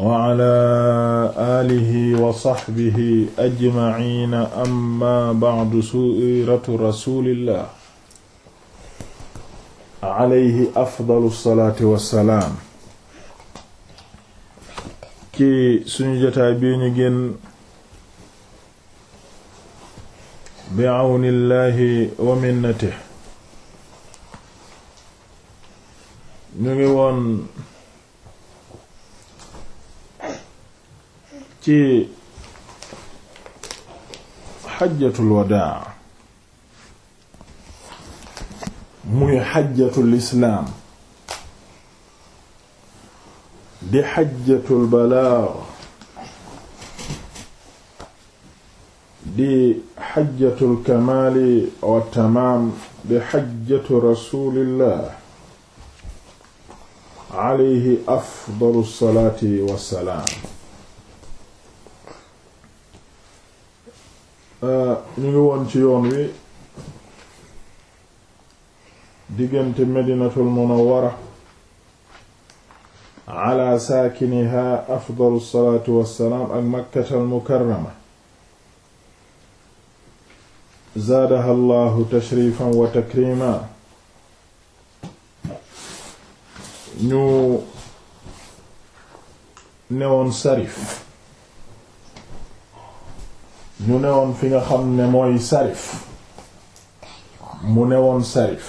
wa ala alihi wa sahbihi ajmaina amma ba'du siiratu rasulillah alayhi afdalu salaati wassalaam ci suñu jotaay bii ñu génn bi awnillahi wa minnatihi ñu ngi woon ci xajjatul wadaa muy xajjatul islaam di xajjatul balaag di xajjatul kamaali wa tamaam di xajjatu rasuulillah alayhi afdalu salaati wa salaam Eh, ñu ngi woon ci yoon wi diggante medinatul munawwara ala saakiniha afdalu salaatu wassalaam ak makkatal mukarrama zaadaha allahu tashrifan wa takrima ñu newoon sarif ñu newoon fi nga xam ne mooy sarif mu newoon sarif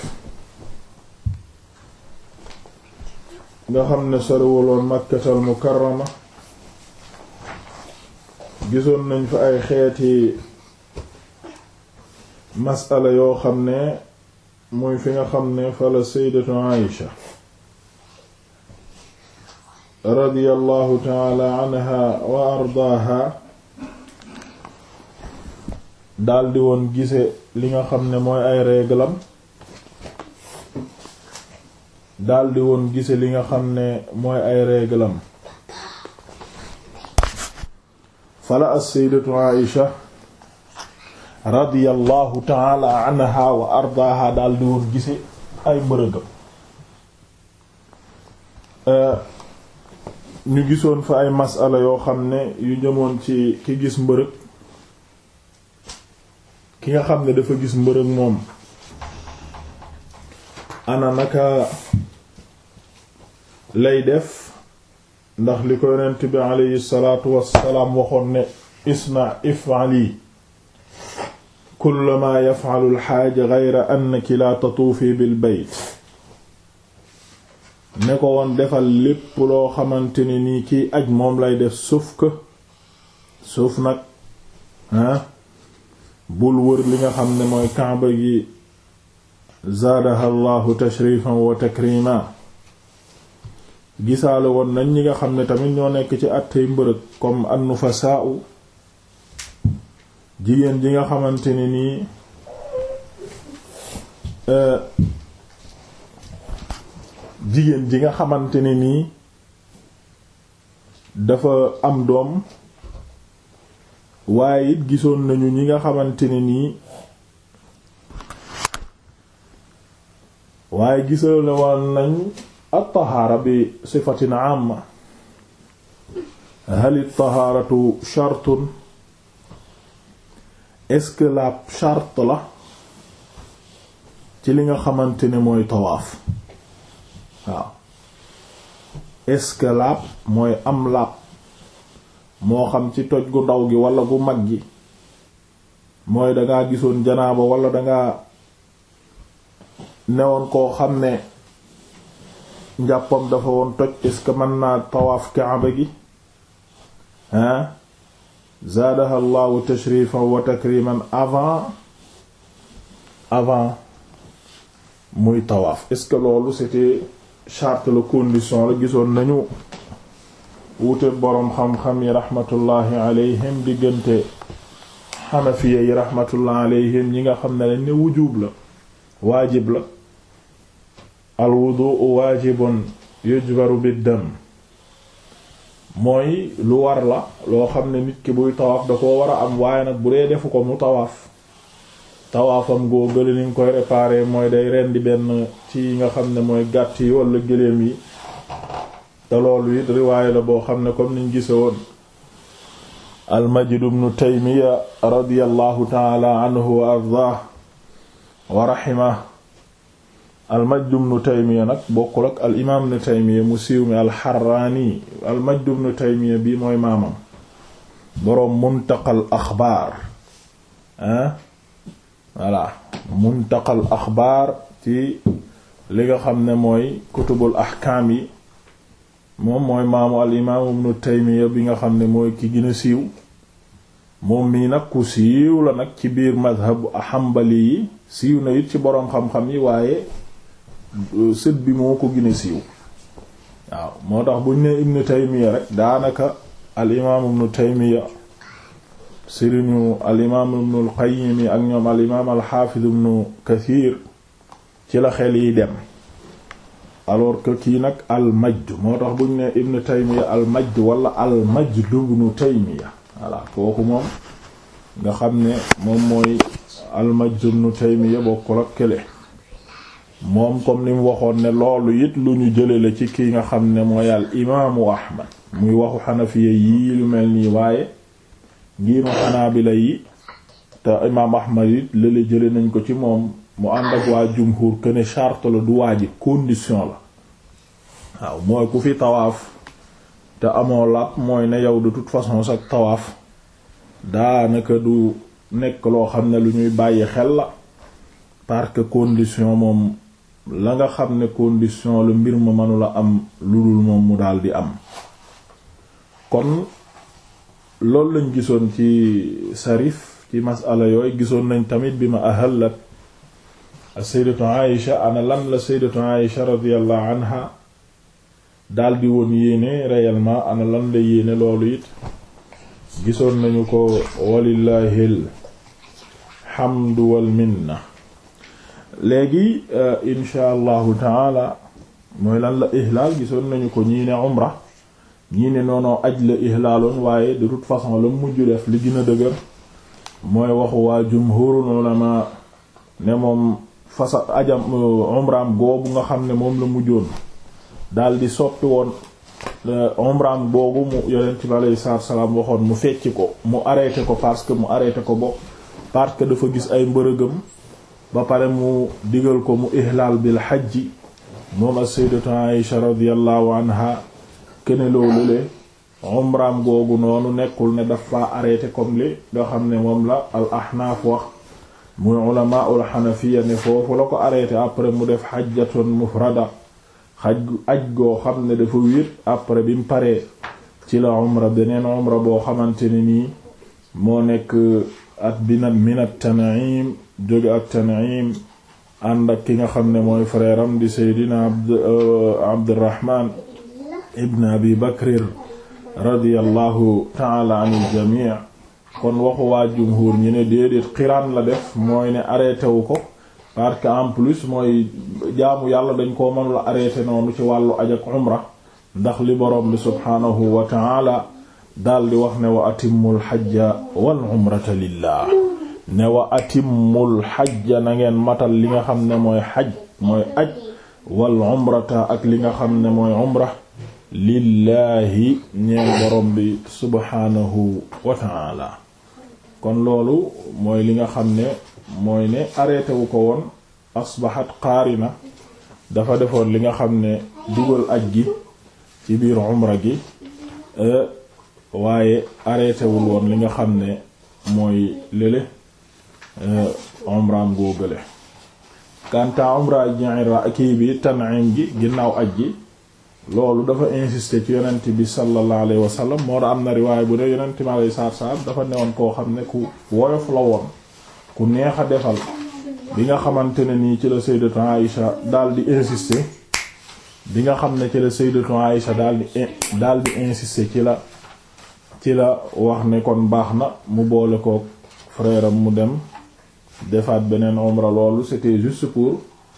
nga xam ne sorewuloon makkatal mukarrama gisoon nañ fa ay xeeti masala yoo xam ne muy fi nga xam ne fa la sayyidatu Aïsha radiyallahu ta'ala anha wa ardaaha daldi woon gise li nga xam ne mooy ay réglam daldi woon gise li nga xam ne mooy ay réglam fala as-sayyidatu Aïsha radiyallahu ta'ala anha wa ardaaha daldi woon gise ay mbërëgam euh, ñu gisoon fa ay masala yoo xam ne yu jëmoon ci ki gis mbërëg ki nga xam ne dafa gis mbërëg moom ana nag lay def ndax li ko yonent bi alayhi salaatu wassalaam waxoon ne isna if'ali kulla ma yaf'alu al-haaj ghayra annaki tatuufi bil bayt ne ko woon defal lépp loo xamante ne nii kiy aj moom lay def suuf que suuf nag ah bul wër li nga xam ne mooy kaaba gi zaadaha allahu tashrifan wa takrima gisaale woon nañ ñi nga xam ne tamit ñoo nekk ci attey mbërëg comme annufasaa'u jigéen ji nga xamante ne nii euh, jigéen ji nga xamante ne nii dafa am doom waaye it gisoon nañu ñi nga xamante ne nii waaye gisoon ne woon nañu at-tahaara bi sifatin amma hal at-tahaaratu shartun est-ce la ci li nga xamante ne mooy tawaaf waaw est mooy am laab moo xam ci toj gu ndaw gi walla gu mag gi mooy dangaa gisoon janaaba wala dangaa newoon koo xam ne njàppam dafa woon toj est que mën naa tawaaf kaaba gi hein zaadaha allahu tashrifan wa takriman avant avant muy tawaaf est-ce que loolu c'était charte la condition la gisoon nañu wuute boroom xam-xam yi rahmatullahi alayhim diggante xanafiya yi rahmatullahi alayhim ñi nga xam ne dañ ne wujub la waajib la al wudu'u waajibun yujbaru biddam mooy lu war la loo xam ne nit ki buy tawaaf da koo war a am waaye nag bu dee defu ko mu tawaaf tawaafam goo gële ni nga koy réparer mooy day rendi benn ci nga xam ne mooy gàtt yi wala gëléem yi te loolu it riwaaya la boo xam ne comme niñ gise woon almajid ibnu taymiya radiyallahu taala anhu wa ardaah wa raximah almajid ibnu taymiya nag bokkul al imaam ibnu taymiya mu siiw mi alxaraani almajid ibnu taymiya bi mooy maamam boroom muntaqal axbaar ah voilà muntaqal axbaar ci li nga xam ne mooy kutubul axkaam yi moom mooy maamu al taymiya bi nga xam ne mooy ki gën siiw moom mii nag ku siiw la nag ci biir madhabu xambali yi siiw na it ci boroom xam-xam yi waaye euh, sët bi moo ko gën a siiw waaw moo tax buñ ne ibnu taymiya rek daanaka al imaam ibnu taymiya sëriñu al imaam yi ak ñoom al imaam al ci la xel yi dem alors que kii nag al moo tax buñ ne ibn taymiya al majd wala al majd ibn taymiya voilà kooku moom nga xam ne moom mooy al majd ibn taymiya bokkul kële moom comme ni mu waxoon ne loolu it lu ñu jële la ci kii nga xam ne mooy al imaamu ahmad muy waxu xanafiya yii lu mel nii waaye ngiiru xanaabila yi te imaam ahmad it lële jële nañ ko ci moom mu ànd ak waa jumhur que ne charte la du waajib condition la waaw mooy ku fi tawaaf te amoo làpp mooy ne yow du toute façon sa tawaaf daanaka du nekk loo xam ne lu ñuy bàyyi xel la parce que condition moom la nga xam ne condition lu mbir ma mënula am lu dul moom mu daal di am kon loolu lañ gisoon ci sarif ci masala yooyu gisoon nañ tamit bi ma ahalat sayyidatu Aïsha ana lan la sayyidatu Aïsha radiyallahu anha daldi woon yéene réellement ana lan la yéene loolu it gisoon nañu ko walillahil hamdu minna léegi euh, insha allahu taala mooy lan la ihlaal gisoon nañu ko ñii ne umra ñii ne aj la ihlaaloon waaye de toute façon la mujj def li gën a dëgër mooy waxu waa jumhurul ulama ne moom fasa ajam euh, umraam goobu nga xam ne moom la mujjoon daal di soppi woon umraam euh, boobu mu yonent bi waxoon mu fecc ko mu arrêté ko parce que mu arrêté ko bo parce que dafa gis ay mbërëgëm ba pare mu digal ko mu ihlaal bil hajji moom a sayyidatu Aisha radiyallahu anha kene loolu le umraam googu noonu nekkul ne dafa arrêté comme li nga xam ne moom la al ahnaaf wax muy ulama ul hanafiya ne foofu la ko arrêté après mu def hajjatun mufrada xaj aj goo xam ne dafa wéet après bi mu paree ci la umra beneen umra boo xamante ne nii moo nekk at bi nag min jóge ak Tan'im ànd ak ki nga xam ne mooy frère di Seydina Abd euh, Abdurrahman ibn Abi Bakr radiyallahu ta'ala anil jami' kon waxu waa jumhur ñu ne déedéet xiraan la def mooy ne arrêté wu ko parce que en plus mooy jaamu yàlla dañ koo mënula arrêté noonu ci wàllu aj ak umra ndax li borom bi subhaanahu wa taala daal di wax ne wa atimmul xajja wal umrata lillah ne wa atimmul xajja na matal li nga xam ne mooy xaj mooy aj wal umrata ak li nga xam ne mooy umra lillaahi ñeel borom bi subhaanahu wa taala kon loolu mooy li nga xam ne mooy ne arrêté wu ko woon asbaxat na dafa defoon li nga xam ne dugal aj gi ci biir umra gi e, waaye arrêté wul woon li nga xam ne mooy lële e, umraam góogale kanta umra Ji'ra kii bi Tan'im gi ginnaaw aj gi loolu dafa insister ci yonent bi sallallahu alayhi wa sallam moo da am na riwaay bu ne yonent bi alayhi salaatu wa dafa newoon koo xam ne ku woyof la woon bu neex a defal bi nga xamante ne nii ci la sayyidatu Aïsha daal di insister bi nga xam ne ci la sayyidatu Aïsha daal di daal di insister ci la ci la wax ne kon baax na mu boole kook frère mu dem defaat beneen omra loolu c'était juste pour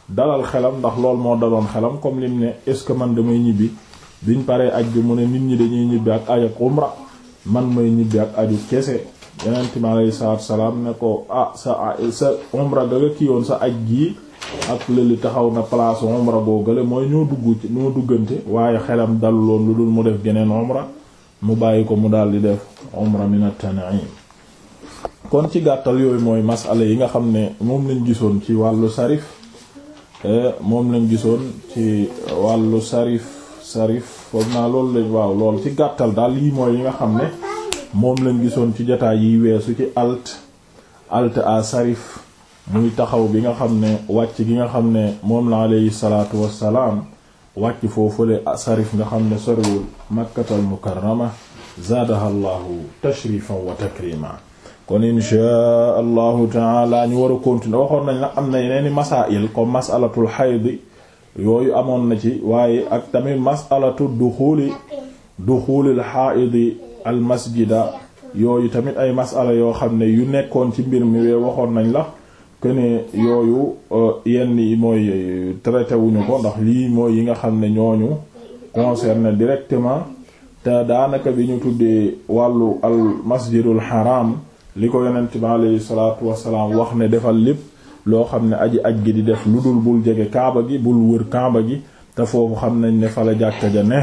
dalal xelam ndax lool moo daloon xelam comme lim ne est-ce que man damay ñibbi biñ paree aj bi mu ne nit ñi dañuy ñibbi ak aj ak umra man may ñibbi ak aju kese yonent mi alayhi salaatu salaam ne ko ah sa sa umra ga nga kii woon sa aj gii ak lëli taxaw na place umra googale mooy ñoo dugg ñoo duggante waaye xelam daluloon lu dul mu def geneen umra mu bàyyi ko mu daal di def umra min at kon ci gàttal yooyu mooy masala yi nga xam ne moom lañ gisoon ci wàllu sarif eh, moom lañ gisoon ci wàllu sarif sarif foog naa loolu lañ waaw lool ci gàttal daal lii mooy yi nga xam ne moom lañ gisoon ci jotaay yiy weesu ci alt alt à sarif muy taxaw bi nga xam ne wàcc gi nga xam ne moom la aleyhi salaatu wassalaam wàcc foofule sarif nga xam ne soriwul makkatal mukarrama zaadaha llahu tashrifan wa takrima kon inchaa allahu taala ñu war a continuer waxoon nañ la am na yeneen i masail comme masalatul xaydi yooyu amoon na ci waaye ak tamit masalatu duxuuli duxuulil xaaidi al masjida yooyu tamit ay masala yoo xam ne yu nekkoon ci mbir mi wee waxoon nañ la que ne yooyu euh, yenn yi mooy euh, traité wuñu ko ndax lii mooy yi nga xam ne ñooñu concerné directement te daanaka bi ñu tuddee wàllu al masjidul haram li ko yonent bi alayhi salaatu wasalaam wax ne defal lépp loo xam ne aji aj gi di def lu dul bul jege kaaba gi bul wër kaaba gi te foofu xam nañ ne fa la jàkka ja ne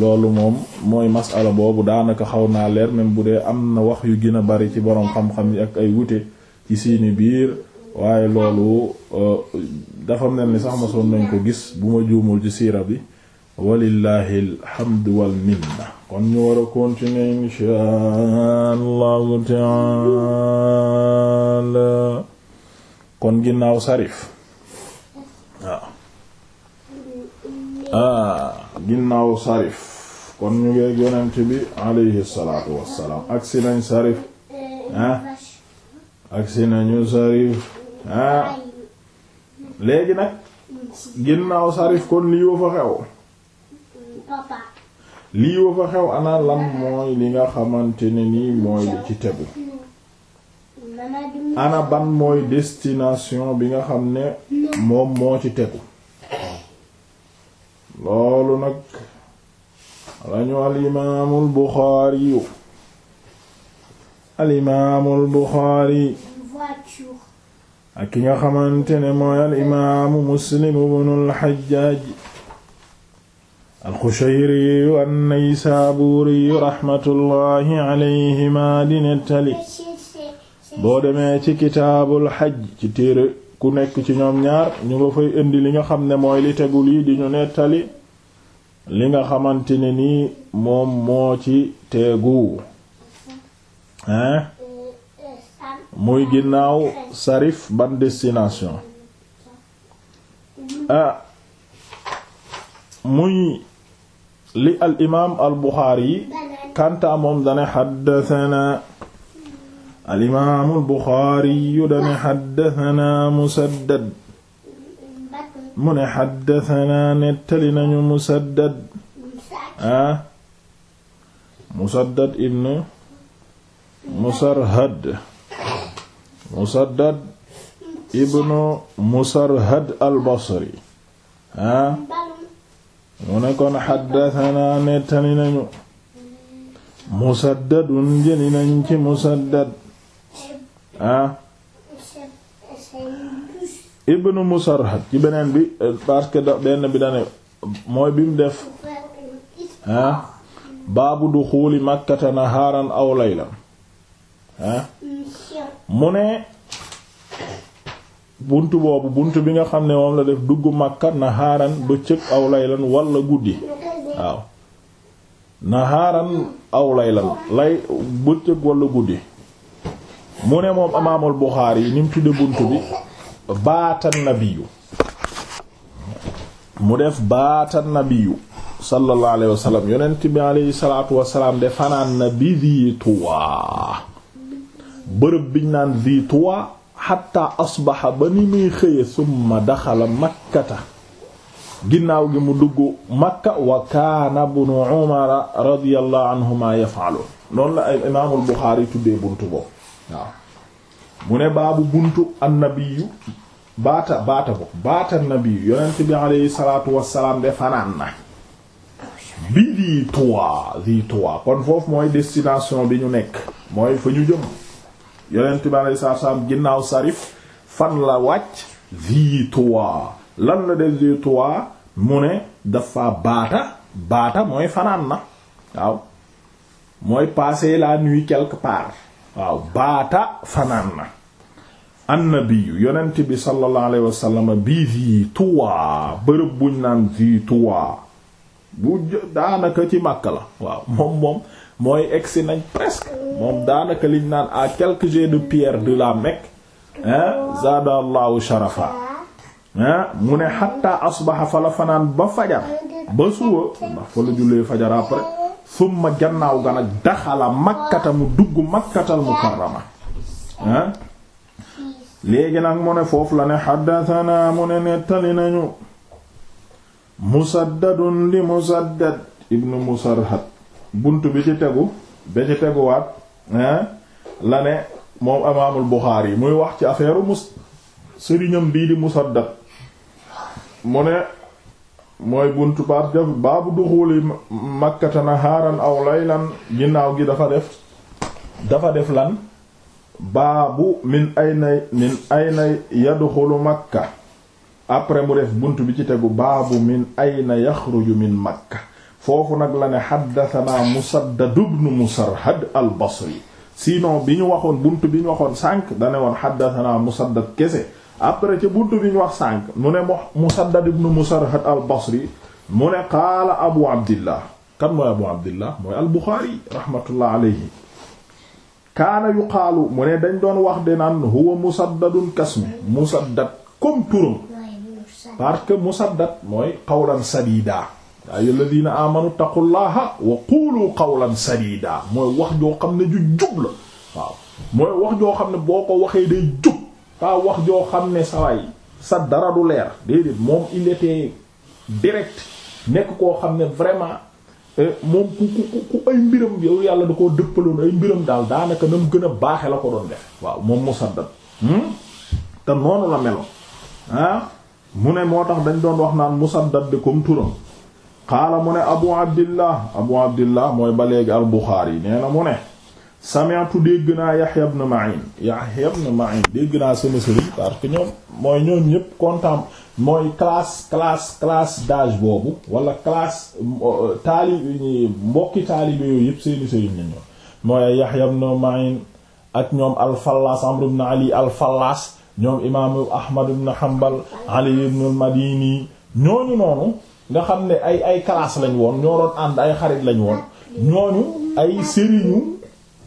loolu moom mooy masala boobu daanaka xaw naa leer même bu dee am na wax yu gën a bari ci boroom xam-xam yi ak ay wute ci seeni biir waaye loolu euh, dafa mel ni sax mosoon nañ ko gis bu ma juumul ci siira bi walillahi alhamdu wal kon ñu war a continuer inshaa allahu taala kon ginnaaw sarif waaw ah. ginnaaw sarif kon ñu ngeeg yonent bi alayhi salaatu wassalaam agsi nañ sarif ah agsi nañu sarif ah léegi nag ginnaaw sarif kon lii wa fa xew lii wa fa xew ana lan mooy li nga xamante ne nii mooy ci tegu ana ban mooy destination bi nga xam ne moom moo ci tegu loolu nag lañu alimaamu albuxaariyu alimaamu albuxaari ak ki nga xamante ne mooy alimaamu muslim ibnu alxajjaaj alxushayriyu annaysaabuuriyu raxmatullahi alayhima dina tali boo demee ci kitaabul xaj ci téere ku nekk ci ñoom ñaar ñu nga fay indi li nga xam ne mooy li tegul yi di ñu nettali li nga xamante ne nii moom moo ci teegu muy ginnaaw sarif ban destination ah muy li al imaam al Buxaari yi kanta moom dane xaddathana alimaamu albuxaariyu dane xaddatanaa musaddad mu ne xaddatanaa nettali nañu musaddad ah musaddad ibn musarhad musaddad ibnu musarhad albasri ah mu ne kon nañu musaddadun jëli nañ ci musaddad ah ibnu musarhad ci beneen bi eh, parce que benn bi dane mooy bi def ah baabu duxuuli makkata nahaaran aw laylan ah mu ne bunt boobu bunt bi nga xam ne moom la def dugg na nahaaran bëccëg aw lay laylan walla guddi waaw nahaaran aw laylan lay bëccëg walla guddi mu ne moom imaamul Buxaari yi ni mu tudde bunt bi baatan nabiyu mu def baatan nabiyu sallallahu alayhi wa sallam yonent bi alayhi salaatu wasalaam de fanaan na bi di tuwa bërëb biñ naan di tuwa xatta asbaxa ba ni muy xëye summa daxala makkata ginnaaw gi mu dugg makka wa kaana bnu umara radiyallahu anhuma yafaalu noonu la ay imaamul Buxaari tuddee buntu boobu waaw mu ne baabu buntu annabiyu baata baata bokk baata annabiyu yonent bi alayhi salaatu wassalaam de fanaan na bi di tuwa di tuwa kon foofu mooy destination bi ñu nekk mooy fa ñu jëm yonent bi alayhi salaatu wassalaam ginnaaw sarif fan la wàcc di tuwa lan la def di mu ne dafa baata baata mooy fanaan na waaw mooy passer la nuit quelque part waaw baata fanaan na annabiyu yonent bi sallallahu alayhi wasallam bii vi tuwaa bërëb buñ naan vi tuwaa bu daanaka ci Makka la waaw moom moom mooy egsi nañ presque moom daanaka liñ naan à quelques jets de pierre de la Mecque hein allahu sharafa mu ne xatta asbaxa fa la fanaan ba fajar ba suba ndax fa la jullee fajar après summa gannaaw ga nag daxala makkata mu dugg makkatal mukarrama léegi nag mu ne foofu la ne xaddatanaa mu ne nettali nañu musaddadun di musaddad ibnu musarhad bunt bi ci tegu ba ci teguwaat la ne moom imaamul Buxaari yi muy wax ci affaire mus sëriñam bii di musaddad mu ne mooy bunt baab jaf baabu duxuli makkata nahaaran aw laylan ginnaaw gi dafa def dafa def lan baabu min ayna min ayna yadxulu makka après mu def bunt bi ci tegu baabu min ayna yaxruju min makka foofu nag la ne xaddatanaa musaddad ibnu musarhad al basri sinon bi ñu waxoon bunt bi ñu waxoon sànq dane woon xaddatanaa musaddad kese après ci buntu bi ñu wax sànq mu ne Musaddad ibn Musarhad al-Basri mu ne qaala Abu Abdillah kan mooy Abu Abdillah mooy al-Bukhari rahmatullah kaana yuqaalu mu ne dañ doon wax de naan huwa Musaddadun kasmi Musaddad comme turam parce Musaddad mooy qawlan sadida yaa ayyuha alladhina amanu taqullaha wa qulu qawlan sadida mooy wax joo xam ne ju jub la mooy wax joo xam ne boo ko waxee day jub pas wax joo xam ne saway sa dara du leer déedéet moom il était direct nekk koo xam ne vraiment euh, moom ku ku ku ay mbiram yow yàlla da koo dëppaloon ay mbiram daal daanaka na mu gën a baaxe la ko doon def waaw moom Musaddad hmm? te noonu la meloon ah mu ne moo tax dañ doon wax naan Musaddad de comme turam xaala mu ne Abu Abdillah Abu Abdillah mooy ba léegi al Bukhari nee na mu ne sami'tu dégg naa Yahya ibn Ma'in Yahya ibn Ma'in dégg naa sama sëriñ parce que ñoom mooy ñoom ñépp contemple mooy classe classe classe d'âge boobu wala classe euh, taali mbokki taalibe yooyu yépp seeni sëriñ la ñoom mooy Yahya ibn Ma'in ak ñoom al-Fallaas Amr ibn Ali al-Fallaas ñoom imaamu Ahmad ibn Hanbal Ali ibn al-Madini ñooñu noonu nga xam ne ay ay classe lañ woon ñoo doon ànd ay xarit lañ woon ñooñu ay sëriñu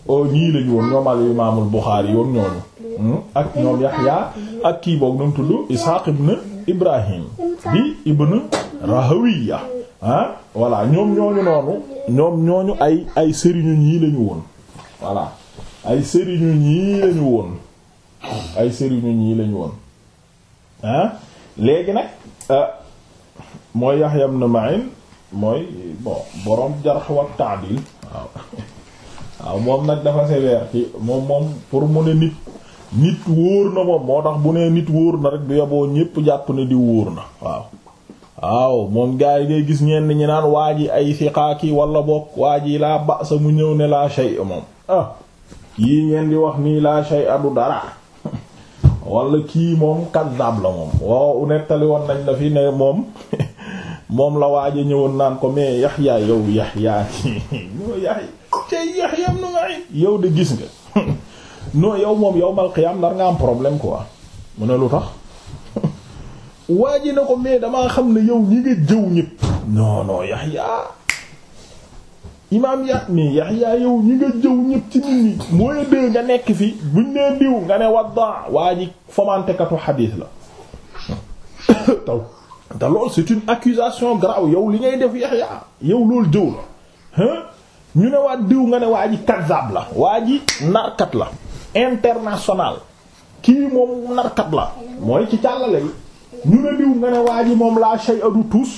ñii lañu woon ñoom al imaamul Buxaari yoon ñooñu hmm? ak ñoom Yaxya ak kii boog ñoom tudd Isaaq ibn Ibrahim bi ibn Rahawiya ah ñoom ñooñu noonu ñoom ñooñu ay ay sëriñu ñii lañu woon voilà ay sëriñu ñii lañu woon ay sëriñu ñii lañu woon léegi nag euh, mooy Yaxya ibn Ma'in mooy bon borom jarh wa waaw waaw moom nag dafa sévère ci moom moom pour mu ne nit nit wóor na moom moo tax bu nee nit wóor na rek bu yoboo ñépp jàpp ne di wóor na waaw waaw moom gars yi ngay gis ñenn ñi naan waa ji ay siqaaki wala bokk waa ji laa ba sa mu ñëw ne laa shay moom ah kii ngeen di wax nii laa shay adu dara wala kii moom kazzab la moom waaw nettali woon nañ la fi ne moom moom la waaja ñëwoon naan ko mais Yaxya yow Yaxya tey Yahya ibn Ma'in yow de gis nga non yow moom yowmal qiyaam nar nga am problème ko quoi mu ne lu tax waa ji na ko mais damaa xam ne yow ñi nga jëw ñëpp non non Yahya imaam ya mais Yahya yow ñi nga jëw ñépp ci nit ñi mooy dëgg nga nekk fi buñ nee diw nga ne wadda waa ji fomantekatu xadiis la taw te lool c'est une accusation grave yow li ngay def Yahya yow loolu jëw la ñu ne waa diw nga ne waa ji kazzab la waa ji narkat la international kii moom narkat la mooy ci càllale yi ñu ne diw nga ne waa ji moom laa shay adu tous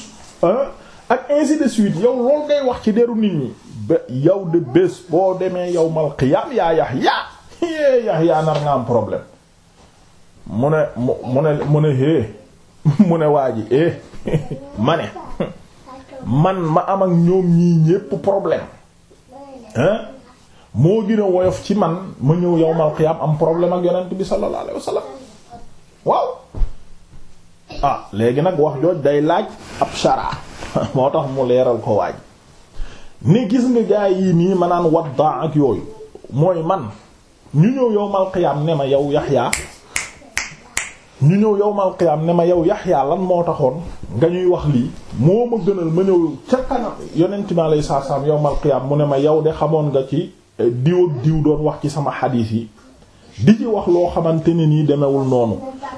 ak ainsi de suite yow loolu ngay wax ci deru nit ñi ba yow de bés boo demee yow mal xiyaam yaa Yahya é Yahya nar nga am problème mu ne mu ne mu ne é mu ne waa ji eh ma ne man ma am ak ñoom ñii ñépp problème moo gën woyof ci man ma ñëw yowmal qiyaam am problème ak yonent bi sallallahu alayhi wasallam waaw ah léegi nag wax jooj day laaj ab shara moo tax mu leeral ko waaj ni gis nga gaay yi nii ma naan wadda ak yooyu mooy man ñu ñëw yowmal qiyaam ne ma yow Yaxya ñu ñëw yowmal qiyaam ne ma yow Yaxya lan moo taxoon nga ñuy wax lii moo ma gënal ma ñëw ca kanam yonent mi alayhi salaatu salaam yowmal qiyaam mu ne ma yow de xamoon nga ci eh, diw ak diw doon wax ci sama xadiis yi di ci wax loo xamante ne nii demewul noonu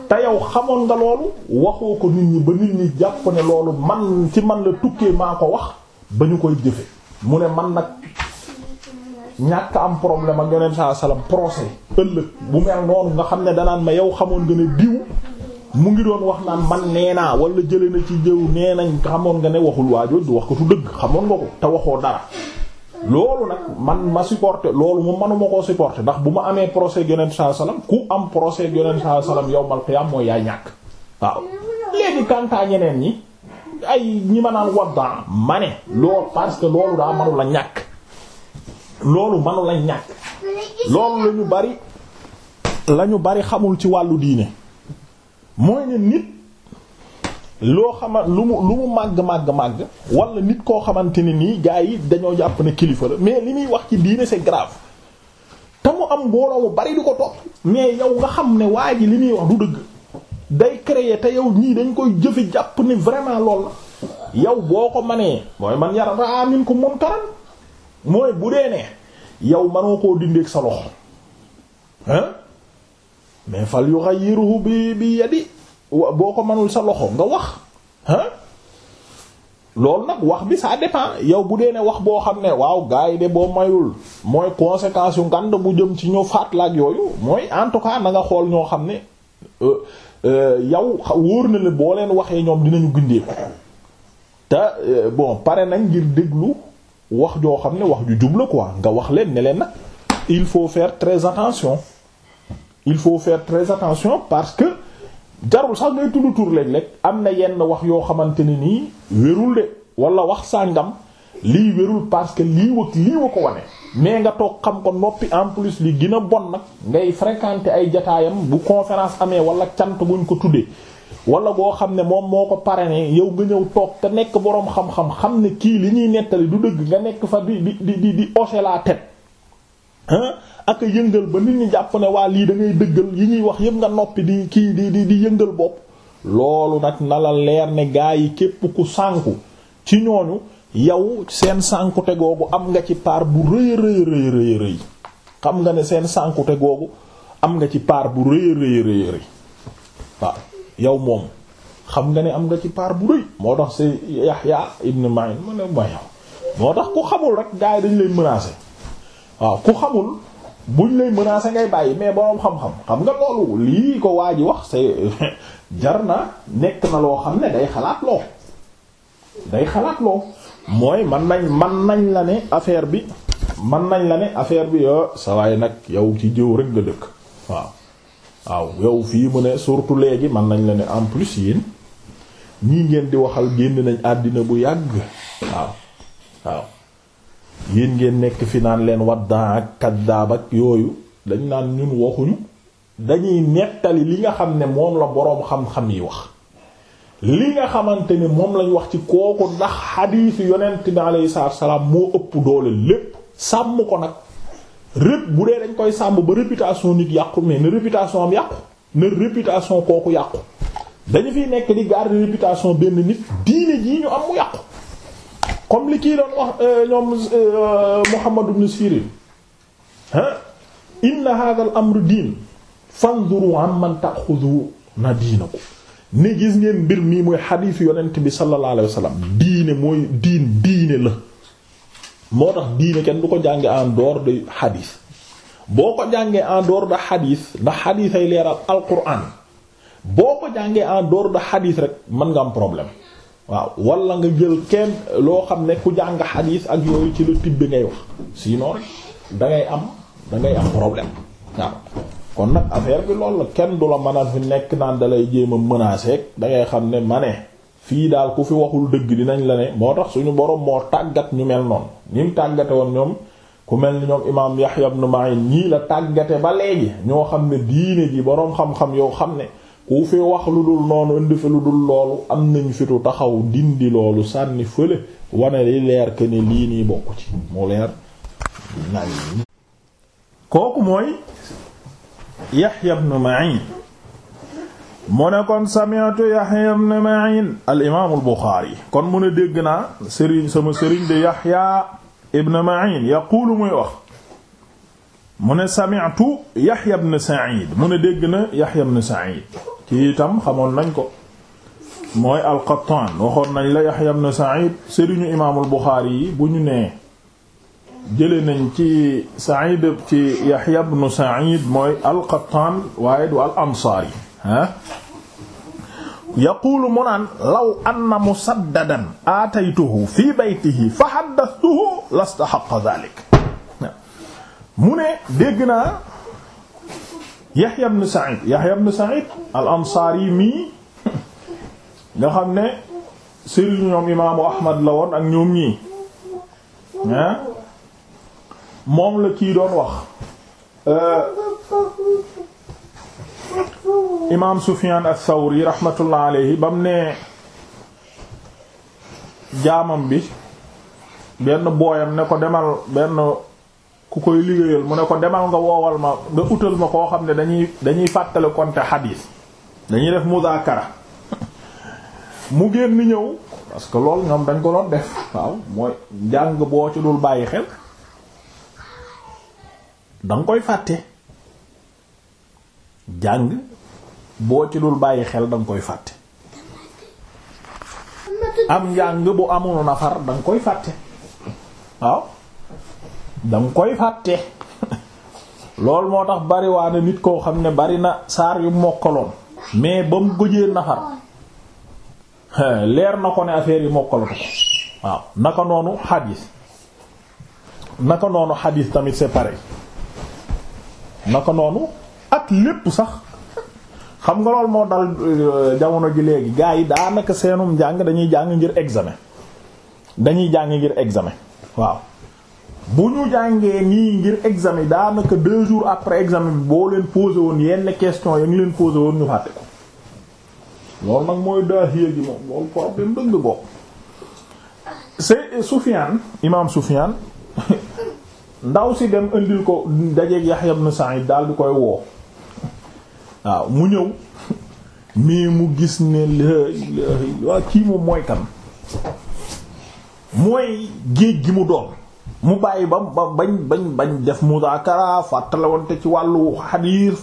te yow xamoon nga loolu waxoo ko nit ñi ba nit ñi jàpp ne loolu man ci man la tukkee maa ko wax ba ñu koy jëfe mu ne man nag ñàkk am problème ak geneen saa salaam procès ëllëg bu mel noonu nga xam ne danaan ma yow xamoon nga ne diw mu ngi doon wax naan man naa wala jëlee ci jëw nee nañ xamoon nga ne waxul waajooj du wax ko tu dëgg xamoon nga ko te waxoo dara. loolu nag man ma supporté loolu moom manuma koo supporté ndax bu ma amee procès yonent saa salaam ku am procès saa salaam yawmal qiyaam mooy yaay ñàkk waaw léegi kantaa ñeneen ñi. ay ñi ma naan wadda ma ne loolu parce que loolu daa manu la ñàkk loolu manu la ñàkk loolu lañu bari lañu bari xamul ci wàllu diine mooy ne nit loo xama lu mu lu mu màgg màgg màgg walla nit koo xamante ne nii gaa yi dañoo jàpp ne kilifa la mais li muy wax ci diine c'est grave te mu am mbooloo mu bari du ko topp mais yow nga xam ne waa ji li muy wax du dëgg day créer te yow ñii dañ koy jëfe jàpp ne vraiment lool la yow boo ko manee mooy man yara amin ah, ko moom taran mooy bu dee ne yow mënoo koo dindeeg sa loxo hein mais fal yughayyiruhu bi bi yadi boo ko mënul sa loxo nga wax hein loolu nag wax bi ça dépend yow bu dee ne wax boo xam ne waaw gars yi de boo mayul mooy conséquence yu ngande bu jëm ci ñu faat la ak yooyu mooy en tout cas na xool ñoo xam ne euh, euh, yow wóor na la boo leen waxee ñoom dinañu gindee ko te euh, bon pare nañ ngir déglu wax joo xam ne wax ju juble la quoi nga wax leen ne leen nag il faut fair très attention il faut faire très attention parce que jarul sax ngay tudd tur léeg-léeg am na yenn wax yoo xamante ne nii wérul de wala wax sàngam lii wérul parce que lii wëg lii wa ko wane mais nga toog xam ko noppi en plus li gën a bon nag ngay fréquenter ay jataayam bu conférence amee wala cant buñ ko tuddee wala boo xam ne moom moo ko parrainé yow nga ñëw toog te nekk boroom xam-xam xam ne kii li ñuy nettali du dëgg nga nekk fa di di di di hocher la ak yëngal ba nit ñi jàpp ne waa lii da ngay dëggal yi ñuy wax yëpp nga noppi di kii di di di yëngal bopp loolu nag na la leer ne gaa yi képp ku sànku ci ñooñu yow seen sànkute googu am nga ci part bu rëy rëy rëy rëy xam nga ne seen sànkute googu am nga ci part bu rëy yow moom xam nga ne am nga ci part bu rëy moo tax si Yahya ibn Ma'in mu ne ma yow moo tax ku xamul rek gaa yi dañ lay menacer waaw ku xamul buñ lay menacer ngay bàyyi mais boroom xam-xam xam nga loolu lii ko waa ji wax c'est jar na nekk na loo xam ne day xalaat loo day xalaat loo mooy man nañ man nañ la ne affaire bi man nañ la ne affaire bi yo ah, sa waaye nag yow ci jëw rek nga dëkk waaw waaw yow fii mu ne surtout léegi man nañ la ne en plus yéen ñii ngeen di waxal génn nañ àddina bu yàgg waaw waaw yéen ngeen nekk fi naan leen waddan ak kaddaab yooyu dañ naan ñun waxuñu dañuy nettali li nga xam ne moom la boroom xam-xam yi wax li nga xamante ni moom lañ wax ci kooku ndax xadiisu yonent bi alayhi salaam moo ëpp doole lépp sàmm ko nag rép bu dee dañ koy sàmm ba réputation nit yàqu mais na réputation am yàqu na réputation kooku yàqu dañu fi nekk di garder réputation benn nit diine jii ñu am mu yàqu comme li kii doon wax euh, ñoom euh, Muhammad ibn Sirin ah inna hadha al amru diin fanzuru amman ta'khudhu na diinakum ne gis ngeen mbir mii mooy xadiis yonent bi sallallahu alayhi wasallam diine mooy diin diine la moo tax diine kenn du ko jànge en dehors de xadiis boo ko jàngee en dehors de xadiis ndax xadiis ay leeral alquran boo ko jàngee en dehors de xadiis rek mën nga am problème waaw wala nga jël kenn loo xam ne ku jàng xadiis ak yooyu ci lu tibbi ngay wax sinon rek da ngay am dangay ngay am problème waaw kon nag affaire bi loolu la kenn du la mën a fi nekk naan dalay jéem a menacer da ngay xam ne ma ne fii daal ku fi waxul dëgg dinañ la ne moo tax suñu borom moo tàggat ñu mel noonu ñi mu tàggate woon ñoom ku mel ni ñoom imaam Yahya ibn ñii la tàggate ba léegi ñoo xam ne diine ji boroom xam-xam yoo xam ne ku fi wax lu dul noonu indi fi lu dul loolu am nañ fitu taxaw dindi loolu sànni fële wane li leer que ne lii nii bokk ci mu leer kooku mooy Yahya ibn mu ne kon sami'tu Yahya ibn Ma'in al imaamul Buxaari kon mu ne dégg naa sëriñ sama sëriñ de Yahya ibn Ma'in yaquulu muy wax mu ne sami'tu Yahya ibn Sa'id mu ne dégg na Yahya ibn Sa'id kii itam xamoon nañ ko mooy al-Qattaan waxoon nañ la Yahya ibn Sa'id sëriñu imaamul Buxaari yi bu ñu nee jële nañ ci Sa'id ci Yahya ibn Sa'id mooy al-Qattaan waaye du al yi ah yaquulu mu naan law anna musaddadan aataytuhu fii baytihi fa haddathtuhu lastahaqa dhalik mu ne dégg naa Yahya ibn Sa'id Yahya ibn Sa'id al ansaari mii nga xam ne sëriñ ñoom imaamu Ahmad la woon ak ñoom ñii ah moom la kii doon wax uh, imaam Sufyaan as-Sawri rahmatullah alayhi ba mu nee jaamam bi benn booyam ne ko demal benn ku koy liggéeyal mu ne ko demal nga woowal ma nga utal ma koo xam ne dañuy dañuy fàttale konte xadiis dañuy def muzaakara mu génn ñëw parce que lool ñoom dañ ko doon def waaw mooy njàng boo ci dul bàyyi xel danga koy fàtte jàng boo ci dul bàyyi xel danga koy fàtte am njàng bu amul nafar danga koy fàtte waaw danga koy fàtte loolu moo tax bariwaane nit koo xam ne bari na saar yu mokkaloon mais ba mu gëjee nafar leer na ko ne affaire yi mokkalatu ko waaw naka noonu xadiis naka noonu xadiis tamit c'est naka noonu ak lépp sax xam nga loolu moo dal euh, jamono ji léegi gars yi naka seenum njàng dañuy jàng ngir examen dañuy jàng ngir examen waaw bu ñu jàngee nii ngir examen daanaka deux jours après examen bi boo leen posé woon yenn question ya ngi leen posé woon ñu fàtte ko loolu nag mooy daahiya gi moom loolu problème dëgg bokk c'est sufian euh, imaam Soufiane ndaw si dem indil ko dajeeg Yahya ibn yi daal di koy woo waaw mu ñëw mais mu gis ne waa kii moom mooy kan mooy géej gi mu doom mu bàyyi ba ba bañ bañ bañ def mudaakara fàttalawante ci wàllu xadiir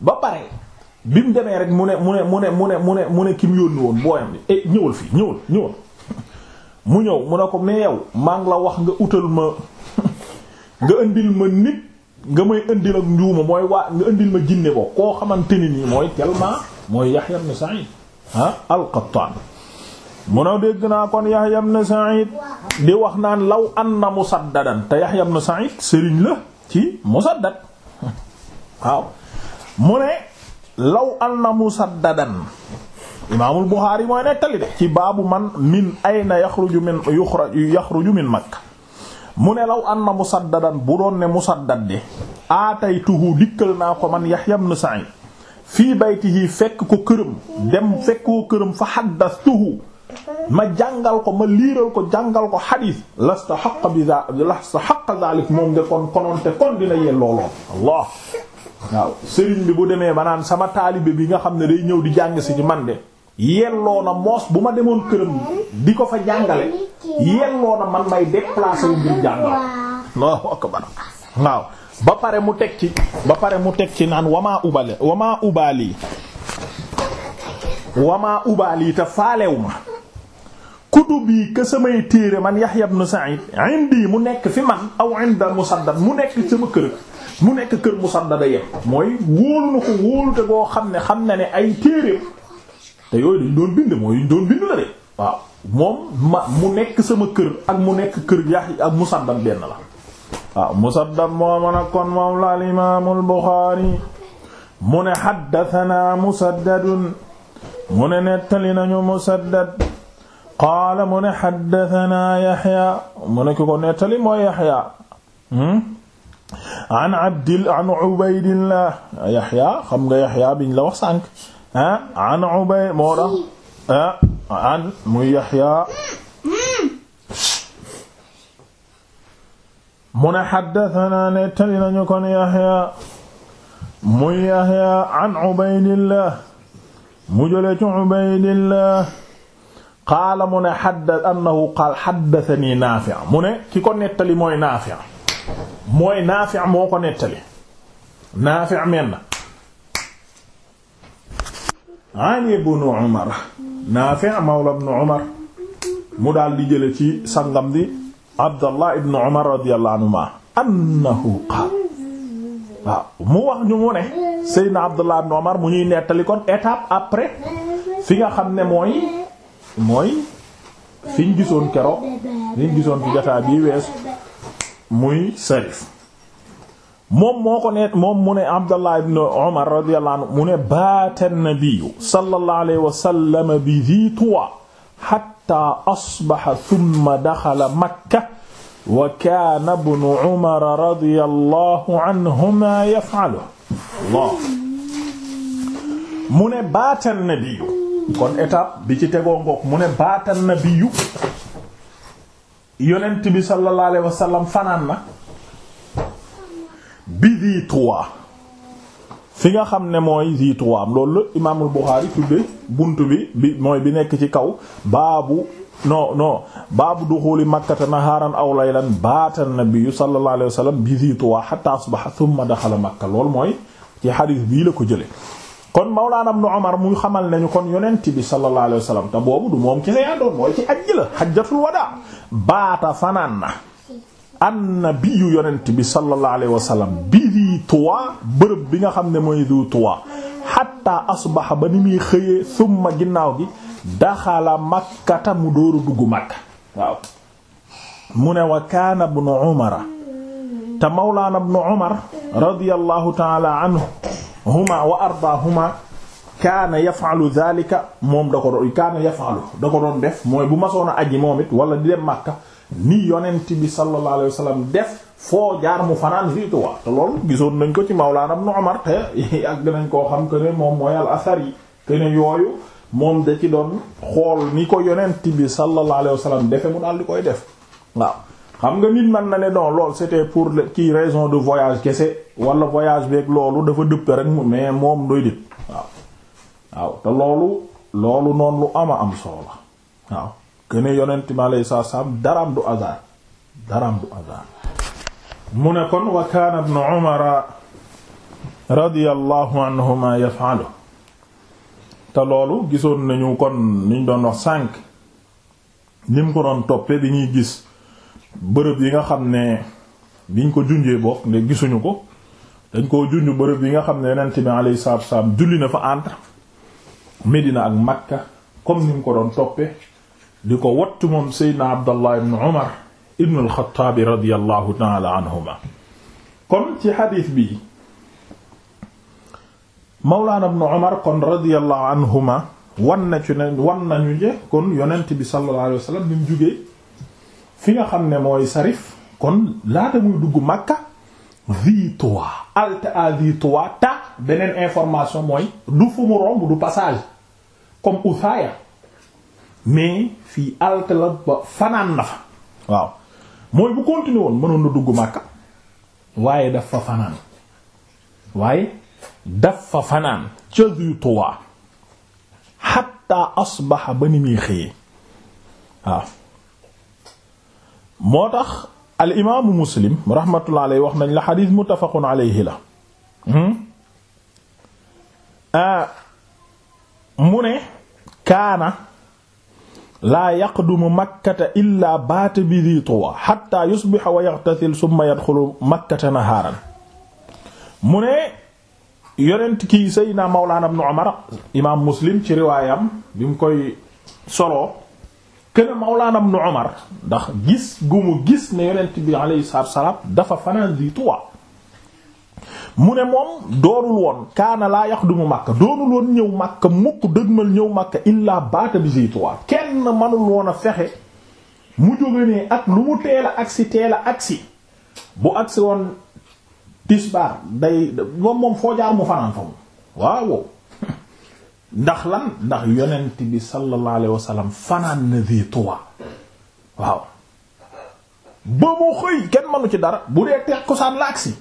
ba pare bi mu demee rek mu ne mu ne mu ne mu ne mu ne mu ne ki mu booyam bi eh ñëwal fii ñëwal ñëwal mu ñëw mu ne ko mais yow la wax nga utal ma nga indil ma nit nga may indil ak njuuma mooy waa nga indil ma jinne boo koo xamante ni nii mooy tellement mooy Yahya ibn Sa'id ah al-Qattan mu ne dégg naa kon Yahya ibn Sa'id di wax naan law anna musaddadan te Yahya ibn Sa'id sëriñ la ci musaddad waaw mu ne law anna musaddadan imaamul Buxaari mooy nettali de ci baabu man min ayna yaxruju min yuxruju min Makka mu ne law anna musaddadan bu doon ne musaddad de aataytuhu dikkal naa ko man Yahya na Sa'id fii baytihi fekk ko këram dem fekk ko këram fa haddathtuhu ma jàngal ko ma liiral ko jàngal ko xadiis lastaxaqa bi lastaxaqa dalik moom de kon kononte kon dina yellooloon allah waaw sëriñ bi bu demee ba naan sama taalibe bi nga xam ne day ñëw di jàng si ci man de yelloo na moos bu ma demoon këram di ko fa jàngale yelloo na man may déplacé wu ngir jàngale waaw ba pare mu teg ci ba pare mu teg ci naan wamaa ubale wamaa ubaali wamaa ubaali te faalew ma kutubi ka samay téere man Yahya ibn Sa'id indi mu nekk fi man aw mu nekk sama kër mu nekk kër Musaddada yépp mooy wóolu na ko wóolu boo xam ne xam na ne ay téere te yooyu dañ doon bind mooy doon bind la de moom mu nekk sama kër ak mu nekk kër Yahya ak Musaddam benn la waaw Musaddam moo mën a kon moom la al imaamu al Buxaari mu ne xaddatanaa Musaddadun mu ne nettali nañu Musaddad qaala mu ne xaddatanaa Yahya mu ne ko nettali mooy Yahya hmm? an Abdil an Ubaydillah Yahya xam nga Yahya biñ la wax sànq ah an ubay moo tax ah an muy yaxya mu ne xaddatanaa nettali nañu kon yaxya muy yaxya an ubaydillah mu jële ci ubaydillah qaala mu ne xadda annahu qaal xaddatani naafi mu ne ki ko nettali mooy naafi mooy naafi moo ko nettali naafi men Hani ibn Umar Naafi' mawla Umar mu daal di jële ci sangam di Abdallah ibn Umar radiyallahu anhuma annahu qaal waaw mu wax ñu mu ne Seydina Abdallah ibn Umar mu ñuy nettali kon étape après fi nga xam ne mooy mooy fi ñu gisoon kero fi ñu gisoon ci jataa bii weesu muy Sarif moom moo ko ne moom mu ne Abdallah ibn Umar radiyallahu anhu mu ne baata nabiyu sallallahu alayhi wa sallam bi Dhi Tuwa hatta asbaha thumma dakhala Makka wa kaana ibnu Umar radiyallahu anhuma yaf'alu Allah mu ne baata nabiyu kon étape bi ci tegoo ngoog mu ne baata nabiyu yonent bi sallallahu alayhi wa sallam fanaan na bi di trois fi nga xam ne mooy di trois loolu la imaamul Buxaari tudde bunt bi bi mooy bi nekk ci kaw baabu non non baabu duxuli makkata naharan aw laylan baata nabiyu sallallahu alayhi wa bi di trois hatta asbaha thumma daxala makka lool mooy ci xadiis bii la ko jële kon Mawlaana Ibnu Umar mu xamal nañu kon yonent bi sallallahu alayhi wa sallam te boobu du moom kese yaa doon mooy ci ajj la hajjatul wadaa baata fanaan na annabiyu yonent bi sallallahu alayhi wa sallam bi di tuwa bërëb bi nga xam ne mooy du tuwa xatta asbaxa ba ni muy xëyee summa ginnaaw gi daxala makkata mu dóoru dugg makka waaw mu ne wa kaana ibnu umara te mawlaana ibnu umar radiyallahu taala anhuma wa ardaahuma kaana yafaalu da ko doon kaana yafaalu da def mooy bu masoon a aji moom wala di dem makka ni yonent bi sallallahu alayhi wa def foo jaar mu fanaan Zituwa te loolu gisoon nañ ko ci Mawlana Ibn Umar te ak dinañ koo xam moom mooy al yi que moom da ci doon xool ni ko yonent bi sallallahu alayhi wa sallam defe mu koy def waaw xam nga nit mën na ne non loolu c'était pour kii raison de voyage kese wala voyage loolu dafa dëppe rek mais moom doy dit waaw lu am solo la waaw këne yonent mi alayhi salaatu salaam daraam du hasard daraam du hasard mu ne kon wa kaana ibnu umara radiyallahu anhuma yaf'alu te loolu gisoon nañu kon niñ doon wax sànq ni mu ko doon toppee bi ñuy gis bërëb yi nga xam ne biñ ko junjee bokk ne gisuñu ko dañ koo junj bërëb yi nga xam ne yonent bi alayhi salaatu salaam julli na fa entre Medina ak Makka comme ni mu ko doon toppe di ko wattu moom seydna abdallah ibn umar ibn alxataabi taala anhuma kon ci xadiis bi mawlaana ibn umar kon radiallahu anhuma wan na ci je kon yonent bi sallallahu alayhi wa sallam bi mu fi nga xam ne mooy sarif kon laata muy dugg makka vitoa alta à vitoa ta beneen information mooy du fu mu romb du passage comme mais fii alt la ba fanaan na fa waaw mooy bu continuer woon mënoon na dugg Makka waaye daf fa fanaan waaye daf fa fanaan ca Dhi Tuwa hatta asbaha ba ni muy xëyee waaw moo tax al imaamu muslim rahmatullah alayhi wax nañ la xadiis muttafaqun alayhi la hmm? ah, mu ne kaana laa yaqdumu makkata illaa baata bi di tuwa xatta yusbixa wa yaxtasil summa yadxulu makkata nahaaran mu ne yonent kii sayyidina mawlaana ibnu umar imaam muslim ci riwaayam bi mu koy soloo këna mawlaana ibnu umar ndax gis gu mu gis ne yonent bi alayhi salaam dafa fanaan di tuwa mu ne moom doonul woon kaana laa yaxdumu makka doonul woon ñëw makka mukk dëgmal ñëw makka illaa baata bi zaytuwaa kenn manul woon a fexe mu jóge ne ak lu mu teel agsi teel agsi bu agsi woon tisbaar day moom moom foo jaar mu fanaan fa mu waaw ndax lan ndax yonent bi waaw ba mu xëy kenn manu ci dara bu dee teg ko saan la agsi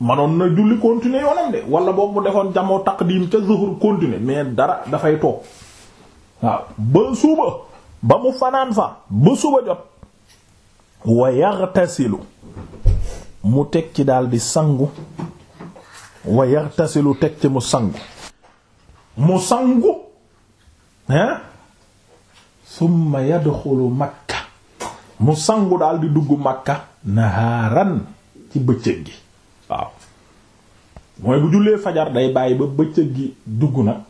manoon na julli continuer yoonam de wala boog mu defoon jamoo taqdim ca zuhur continuer mais dara dafay toog waaw ba suba ba mu fanaan fa ba suba jot wa yartasilu mu teg ci daal di sangu wa yartasilu teg ci mu sangu mu sangu hein summa yadxulu makka mu sangu daal di dugg makka nahaaran ci bëccëg gi waaw mooy bu jullee fajar day bàyyi ba bëccëg gi dugg nag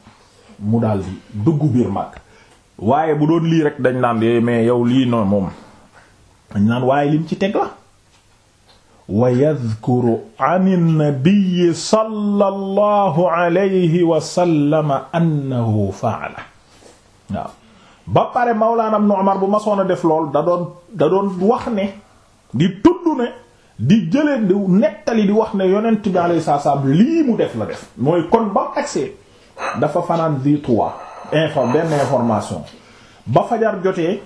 mu daldi dugg biir màkk waaye bu doon lii rek dañ naan mais yow lii noonu moom dañ naan waaye lim ci teg la wa yadkuru an nabiyi sallallahu alayhi wasallama annahu faala waaw ba pare mawlaana ibnu bu masoon a def lool da doon da doon wax ne di tudd ne di jëlee di nettali di wax ne yonent bi alayhi salaam lii mu def la def mooy kon ba accès dafa fanaan di trois info benn information ba fajar jotee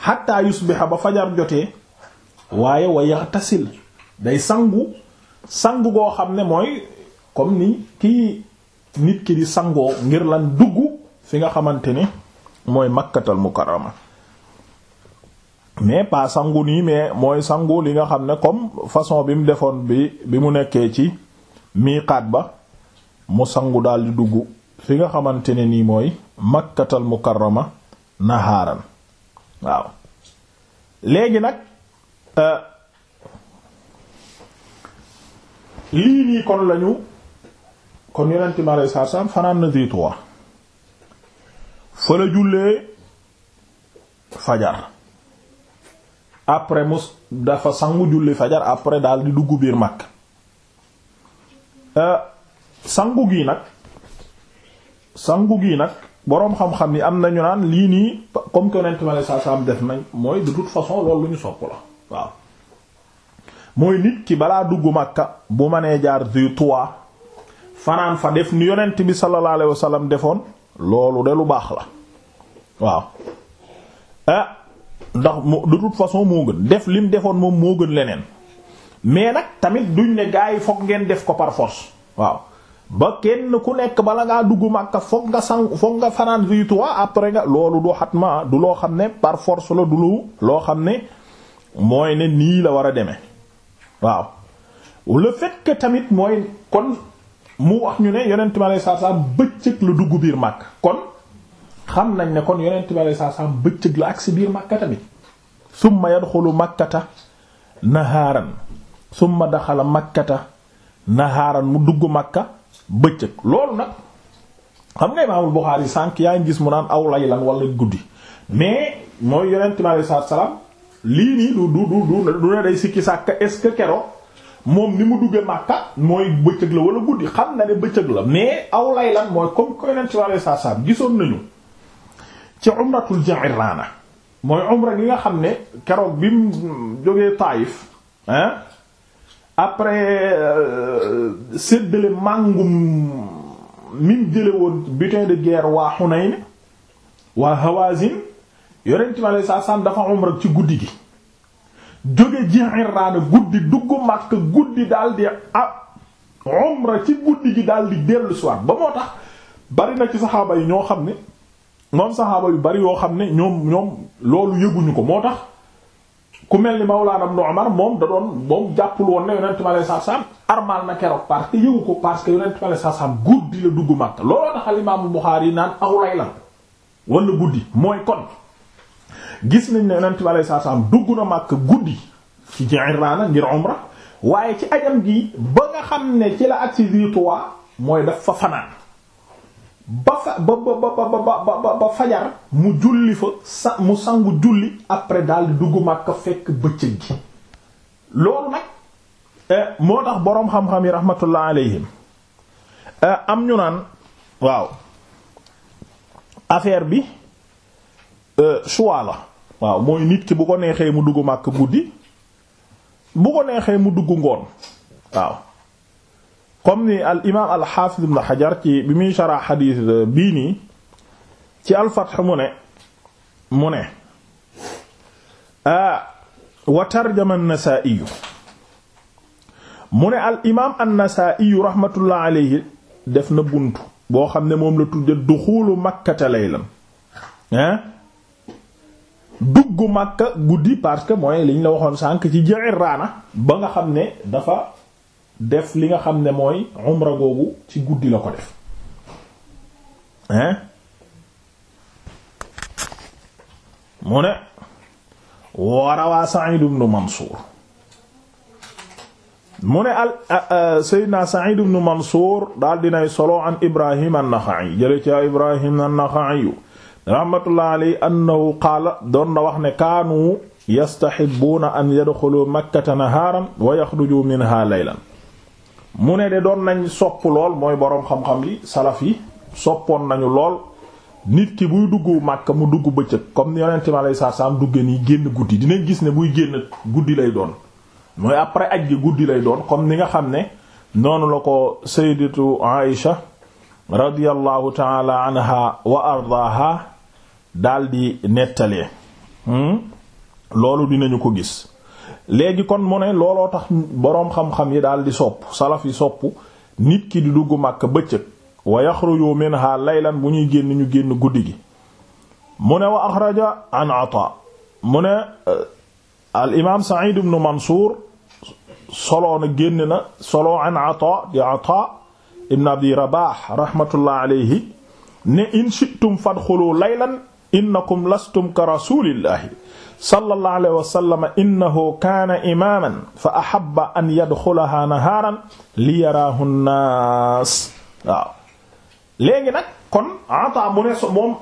hatta yusbiha ba fajar jotee waaye wa yaxtasil day sangu sangu goo xam ne mooy comme ni kii nit ki di sangoo ngir lan dugg fi nga xamante ni mooy makkatal mukarrama mais pas sangu nii mais mooy sangu li nga xam ne comme façon bi mu defoon bi bi mu nekkee ci miiqaat ba mu sangu daal di dugg fi nga xamante ne nii mooy makkatal mukarrama naxaaran waaw léegi nag euh, lii nii kon lañu kon yonent mi alayhi salaatu salaam fanaan na di Tuwa fa la jullee fajar après mu dafa sangu julli fajar après daal di dugg biir Makka euh, sangu gi nag sangu gi nag boroom xam-xam ni am nañu naan lii nii comme que Yonent ma saa saa def na mooy de toute façon loolu lu ñu sopp la waaw mooy nit ki balaa dugg Makka bu ma nee jaar du trois fanaan fa def ni Yonent bi sallallahu alayhi defoon loolu de lu baax la waaw euh, ndax de toute façon moo gën def lim defoon moom moo gën leneen mais nag tamit duñ ne gars yi fokk ngeen def ko par force waaw ba kenn ku nekk bala ngaa dugg Makka foog nga sang foog nga fanaan veille trois après nga loolu du xatma du loo xam ne par force la du lu loo xam ne mooy ne nii la war a demee waaw le fait que tamit mooy kon mu wax ñu ne yonent mi saa salaam bëccëg la dugg biir Makka kon. xam nañ ne kon yonent bi alayhi salaam bëccëg la ak si biir Makka tamit summa yadxulu makkata nahaaran summa daxala makkata nahaaran mu dugg Makka bëccëg loolu nag xam nga Imaamul yi sànq yaa ngi gis mu naan aw laylan wala guddi mais mooy yonent bi alayhi salaam lii nii du du du du ne day sikki sàkka est-ce que kero moom ni mu duggee Makka mooy bëccëg la wala guddi xam na ne bëccëg la mais aw laylan mooy comme ko yonent bi alayhi salaam gisoon ci umratul Ja'irana mooy umra gi nga xam ne keroog bi mu jógee Taayif hein après euh, séddale màngum mim jële woon butin de guerre waa Hunayn waa Hawazin yonent mi alayhi salaam dafa umra ci guddi gi jóge Ji'irraana guddi dugg Makka guddi daal di ah umra ci guddi gi daal di dellusiwaat ba moo tax bari ci saxaaba yi ñoo xam ne moom saxaaba yu bari yoo xam ne ñoom ñoom loolu yëguñu ko moo tax ku mel ni Mawlaana Ibn Umar moom da doon moom jàppul woon ne yonent ma lay sarsam armal na keroog parce que yëgu ko parce que yonent ma lay sarsam guddi la dugg Makka looloo tax Imaam Buxaari yi naan aw lay la wala guddi mooy kon gis nañ ne yonent ma lay sarsam dugg na màkk guddi ci Ji'raana ngir umra waaye ci ajam gi ba nga xam ne ci la agsi Dhi Tuwa mooy def fa fanaan ba fa ba ba ba ba fajar mu julli fa sa mu sangu julli après daal di duggu Makka fekk bëccëg gi loolu nag eh, moo tax boroom xam-xam yi rahmatullah alayhim eh, am ñu naan waaw affaire bi eh, choix la waaw mooy nit ki bu ko neexee mu dugg Makka guddi bu ko neexee mu dugg ngoon waaw comme ni al imaam al xaafis ibn xajar ci bi muy sharax xadiis bii nii ci al fath mu ne mu ne ah wa tarjama an mu ne al imaam an-nasaa'iyu raxmatullah alayhi def na bunt boo xam ne moom la tudde duxuulu makkata laylan hein dugg makka guddi parce que mooy lañ la waxoon sànk ci Ji'irraana ba nga xam ne dafa def li nga xam ne mooy umra googu ci guddi la ko def hein mu ne warawaa Sa'id ibn Mansuur mu ne al Seydina solo an Ibrahim an-Naxa'i jële ci Ibrahim an-Naxa'i rahmatullah alayhi annahu qaala doon na wax ne kaanu yastaxibuuna an yadxulu makkata nahaaran wa yaxruju minha laylan mu ne de doon nañ sopp lool mooy boroom xam-xam yi salaf yi soppoon nañu lool nit ki buy dugg Makka mu dugg bëccëg comme ni yonente mi alayhi salaatu salaam duggee nii génn guddi dinañ gis ne buy génn guddi lay doon mooy après aj gi guddi lay doon comme ni nga xam ne noonu la ko sayyidatu Aïsha radiyallahu taala anha wa ardaaha daldi nettalee hmm? loolu dinañu ko gis léegi kon mu ne looloo tax boroom xam-xam yi daal di sopp salaf yi sopp nit ki di dugg Makka bëccëg wa yaxruju minha laylan bu ñuy génn ñu génn guddi gi mu ne wa axraja an ata mu ne eh, al imaam Sa'id ibn Mansuur soloo na génn na soloo an ata di ata ibn Abi Rabah rahmatullah ne in shi'tum fadxulu laylan innakum lastum ka rasulillahi sallallahu alayhi wa sallam innahu kaana imaaman fa ahabba an yadxulaha nahaaran li yaraahu nnaas waaw léegi nag kon ata mu ne moom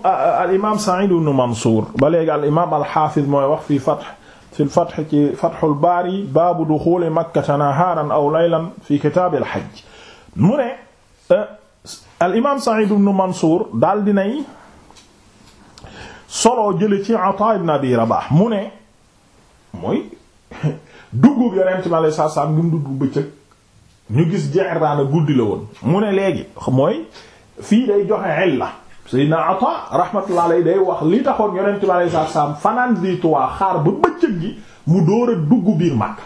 al imaam Sa'iid ibn Mansuur ba léegi al imaam al xaafiz mooy wax fi fath fi fath ci Fathul Baari baabu duxuuli makkata nahaaran aw laylan fi kitaabil hajj mu ne e, al imaam Sa'iid ibn Mansuur daal dinay soloo jële ci Ata biir a baax mu ne mooy duggub yonent bi alayhi salaatu salaam gi mu dugg bëccëg ñu gis Ji'raana guddi la woon mu ne léegi mooy fii day joxe illa Sayyidina Ata rahmatullahi alayhi day wax li taxoon yonent bi alayhi salaatu salaam fanaan di tuwaa xaar ba bëccëg gi mu door a dugg biir Makka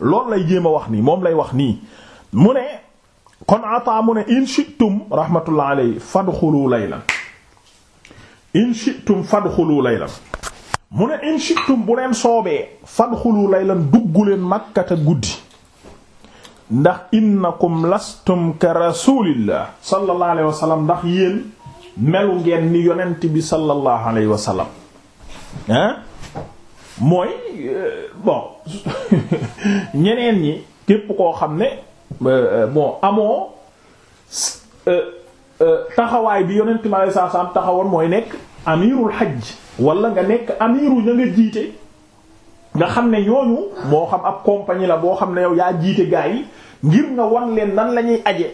loolu lay jéem a wax nii moom lay wax nii mu ne kon Ata mu ne in shi'tum rahmatullahi alayhi fadxulu laylan in shi'tum fadxulu laylan mu ne in bu leen soobee fadxulu laylan dugg leen makkata guddi ndax innakum lastum ka rasulillah sallallahu alayhi wa sallam ndax yéen melu ngeen ni yonent bi sallallahu alayhi wa mooy euh, bon ñeneen ñi képp koo xam ne euh, bon amoo euh, taxawaay bi yonent mi alei satu salaam taxawoon mooy nekk amirul hajj wala nga nekk amiru ña nga jiite nga xam ne ñooñu moo xam ab compagnie la boo xam ne yow yaa jiite gaa yi ngir nga wan leen nan la ñuy aje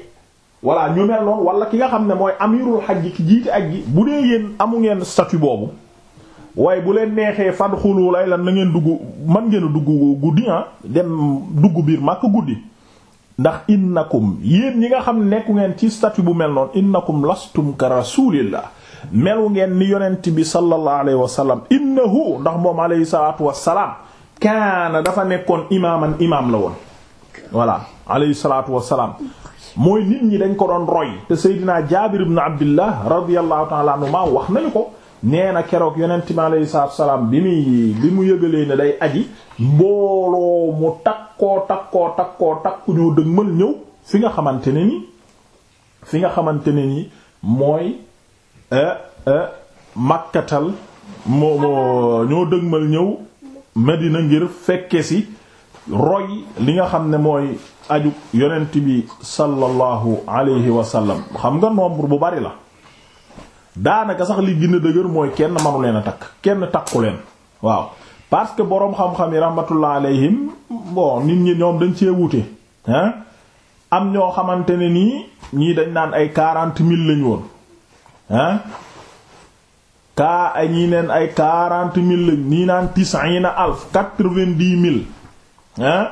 voilà ñu mel noonu wala ki nga xam ne mooy amirul hajj ki jiite aj bu dee yéen amu ngeen statut boobu waaye bu leen neexee fan xulu lay lan na ngeen dugg man ngeen a dugg guddi ah dem dugg biir màkk guddi ndax innakum yéen ñi nga xam nekku ngeen ci statut bu mel noonu innakum lastum ka rasulillah melu ngeen ni yonent bi sallallahu alayhi wa sallam innahu ndax moom alayhi salatu wasalaam kaana dafa nekkoon imaaman imaam la woon voilà alayhi salatu wasalaam mooy nit ñi dañ ko doon roy te seydinaa jaabir ibn abdillah radiallahu taala anhuma wax nañu ko nee na keroog yonent bi alayhi salatu wasalaam bi muy bi mu yëgalee ne day aji mbooloo mu takkoo takkoo takkoo takku ñoo dëgmal ñëw fi nga xamante ne ni fi nga xamante ne ni mooy eh, eh, makkatal moo ñoo dëgmal ñëw Medina ngir fekke si roy li nga xam ne mooy aju yonent bi sallallahu alayhi wa sallam xam nga nombre bu bari la daanaka sax li gën a dëgër mooy kenn manu leen a takk kenn takku leen waaw parce que boroom xam-xam yi rahmatullah alayhim bon nit ñi ñoom dañ cee wute hein am ñoo xamante ne nii ñii dañ naan ay quarante mille lañ woon hein kaa ay ñii neen ay quarante mille lañ ñii naan tis'ina mille hein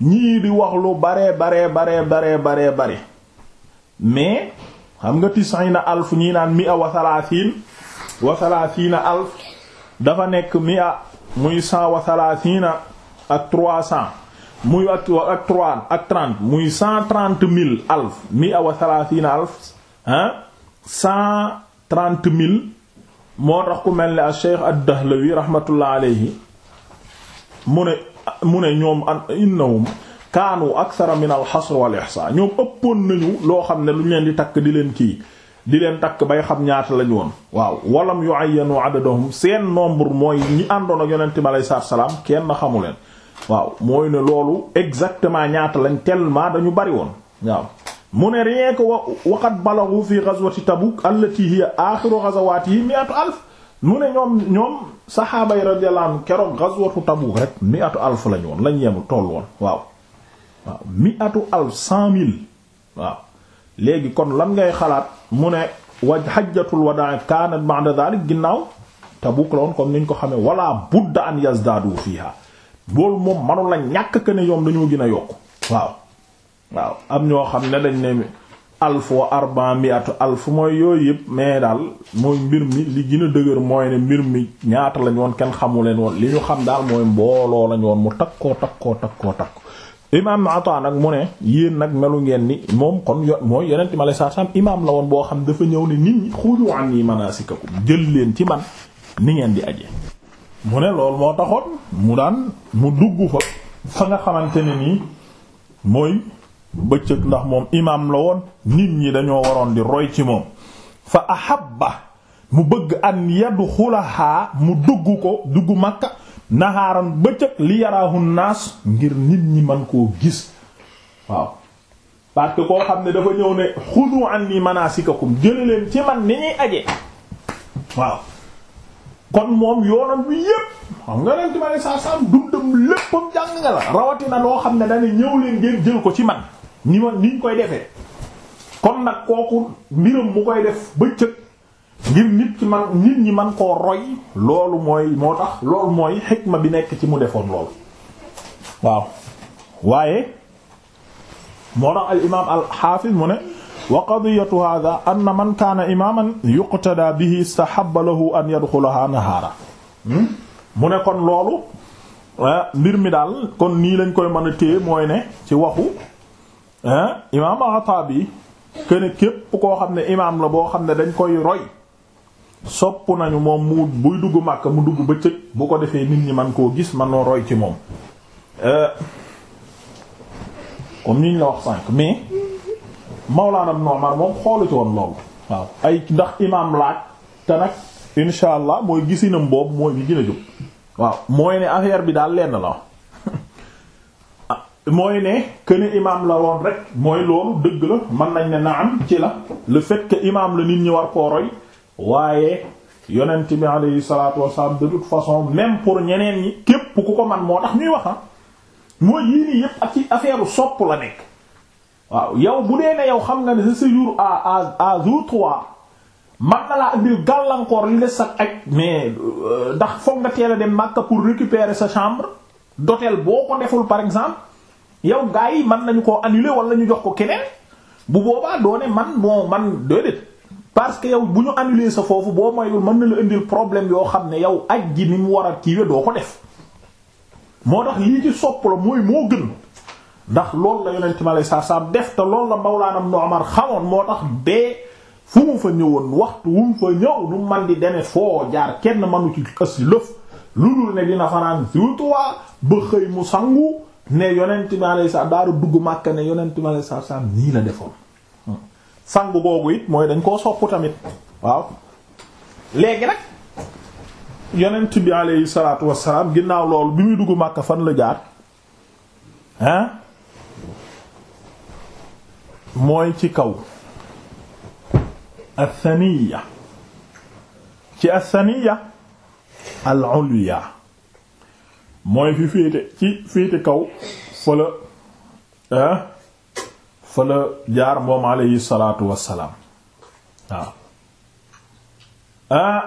ñii di wax lu bare baree baree baree bare mais xam nga tis'ina alf ñii naan mi'a wa thalathin wa thalathina alf dafa nekk mi'a muy cent wa thalathina ak trois cent muy ak ak trois ak trente muy cent trente mille alf mi awa thalathina alf ah cent trente mille moo tax ku mel ni a Cheikh ad-Dahlawi rahmatullah alayhi mu ne mu ne ñoom an innahum kaanu akthara min al-hasr wal ihsa ñoom ëppoon nañu loo xam ne lu ñu leen di takk di leen kii di leen takk bay xam ñaata lañu woon waaw walam yu'ayyanu adaduhum seen nombre mooy ñi àndoon a yonent bi alayhi salaam kenn xamu leen waaw mooy ne loolu exactement ñaata lañ tellement dañu bari woon waaw mu ne rien que wa waqad balaghu fi ghazwati Tabuk allati hiya akhiru ghazawatihi mi'atu alf mu ne ñoom ñoom saxaaba yi radiyallahu anhum keroog ghazwatu Tabuk rek mi'atu alf lañu woon lañ yemu toll woon waaw waaw mi'atu alf cent mille waaw léegi kon lan ngay xalaat mu ne wa hajjatul wadaa kaanat ba'da dhalik ginnaaw Tabuk la woon comme niñ ko xamee wala budda an yazdaadu fiha loolu moom manu ñàkk que ne ñoom dañoo gin a yokk waaw waaw am ñoo xam ne dañ ne alf wa arba miatu alf mooy yooyu yëpp mais daal mooy mbir mi li gën a dëgër mooy ne mbir mi ñaata lañu woon kenn xamu leen woon li ñu xam daal mooy mbooloo lañ woon mu takkoo takkoo takkoo takk imaam Ataa nag mu ne yéen nag melu ngeen ni moom kon mooy yonent ma lay saa sam imaam la woon boo xam dafa ñëw ne nit ñi xudu anni manasikakum jël leen ci man ni ngeen di aje mu ne loolu moo taxoon mu daan mu dugg fa fa nga xamante ne nii mooy bëccëg ndax moom imaam la woon nit ñi dañoo waroon di roy ci moom fa ahabba mu bëgg an yadxulaha mu dugg ko dugg Makka naxaaran bëccëg li yaraahu naas ngir nit ñi man koo gis waaw parce que koo xam ne dafa ñëw ne xudu anni manasikakum jële leen ci man ni ñuy aje waaw kon moom yoonam bi yépp nga leen ci ma ne saa saam dundam léppam jàng nga la rawatina loo xam ne dañuy ñëw leen ngeen jël ko ci man ni ma ni ñu koy defee kon nag kooku mbiram mu koy def bëccëg ngir nit ci ñi man koo roy loolu mooy moo tax loolu mooy xikma bi nekk ci mu defoon lool waaw waaye moo tax al imaam al xaafiz mu ne wa qadiyatu hadha anna man kaana imaaman yuqtada bihi istahabba lahu an yadxulaha nahaara hmm? mu ne kon loolu eh, mbir mi daal kon nii lañ koy mën a mooy ne ci waxu eh, imaam al-Ataabi kene képp koo xam ne imaam la boo xam ne dañ koy roy sopp nañu moom mu buy dugg màkk mu dugg ba bëccëg bu ko defee nit ñi man koo gis man noo roy ci moom euh, comme ni ñu la wax sànq mais Mawlaana Nomar moom xoolu ci woon loolu waaw ay ndax imaam laaj te nag insha allah mooy gisinam boobu mooy bi gën a waaw mooy ne affaire bi daal lenn la ah, mooy ne que ne imaam la woon rek mooy loolu dëgg la mën nañ ne naam ci la le fait imaam la nit ñi war koo roy. waaye yonent bi alayhi salaatu wasalaam de toute façon même pour ñeneen yi képp ku ko man moo tax ñuy wax ah. mooy yii nii yépp ak ci affaire sopp la nekk waaw yow bu dee ne yow xam nga ne sa séjour à à à jour trois man na laa indil gàllankoor li des sax ak mais euh, ndax foog nga teel a dem Makka pour récupérer sa chambre dotel boo ko deful par exemple yow gars yi mën nañu koo annuler wala ñu jox ko keneen bu boobaa doo ne man bon man déedéet. parce que yow bu ñu annuler sa foofu boo mayul mën na la indil problème yoo xam ne yow aj ji ni mu war a kiiwe doo ko def moo tax lii ci sopp la mooy moo gën ndax loolu la yonent mi aleyhi salaatu salaam def te loolu la Mawlaana Ibn Umar xamoon moo tax bee fu mu fa ñëwoon waxtu wu mu fa ñëw nu man di demee foo jaar kenn mënu ci ës yi lëf lu dul ne dina fanaan surtuwaa ba xëy mu sangu ne yonent mi aleyhi salaatu daara dugg Màkka ne yonent mi aleyhi salaatu salaam nii la defoon sangu googu it mooy dañ koo soppu tamit waaw léegi nag yonent bi aleyhi salaatu wassalaam ginnaaw loolu bi muy dugg màkk fan la jaar hein mooy ci kaw athaniya ci athaniya al ulya mooy fi féete ci féete kaw fëla hein fa la jaar moom alayhi salaatu wassalaam waaw ah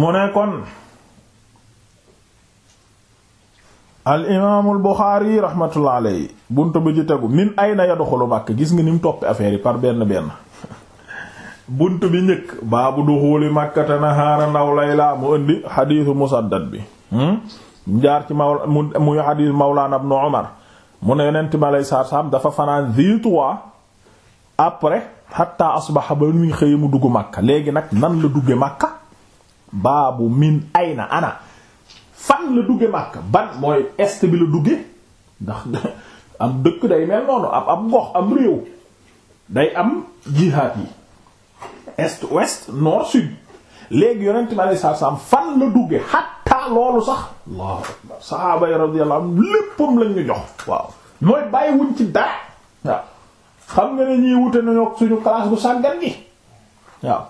mu ne kon al imaamul Buxaari rahmatullah alayhi buntu bi ci tegu min ay na yadxulu Makka gis nga ni mu toppi affaire yi par benn benn buntu bi njëkk baabu duxuuli Makkata nahaara naw layla mu indi xadiisu Musaddad bi hmm? mu jaar ci maw muy xadiis Mawlaana ibnu Umar mu ne yonent mi aleyhi salaatu salaam dafa fanaan Dhi Tuwa après hatta asbaha ba nuy xëy mu dugg Makka léegi nag nan la dugge Makka baabu min na ana fan la dugge Makka ban mooy est bi la dugge ndax am dëkk day mel noonu ab ab gox am réew day am jihaat yi est ouest nord sud léegi yonent mi aleyhi salaatu salaam fan la duggee hatta hatta ah, loolu sax allahu akbar sahaaba yi radiyallahu léppam lañ ñu jox waaw mooy bàyyi ci dara waaw xam nga ne ñuy wute nañu suñu classe bu sàggan gi waaw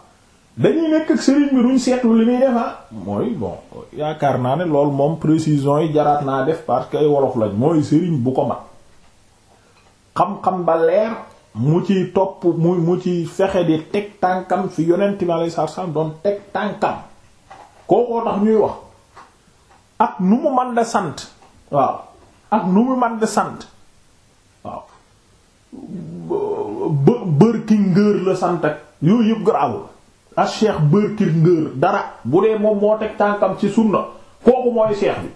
dañuy nekk ak sëriñ bi duñ seetlu li muy def ah. mooy bon yaakaar naa ne loolu moom précision yi jaraat naa def parce que ay wolof lañ mooy sëriñ bu ko mat xam-xam ba leer mu ci topp mu mu ci fexe di teg tànkam fi yonent mi alayhi salaam doon teg tànkam kookoo tax ñuy wax ak nu mu man da sant waaw ak nu mu man da sant waaw bë bërki ngër la sant ak yooyu yëpp garaawul ak cheikh bërki ngër dara bu dee moom moo teg tànkam ci sunna kooku mooy cheikh bi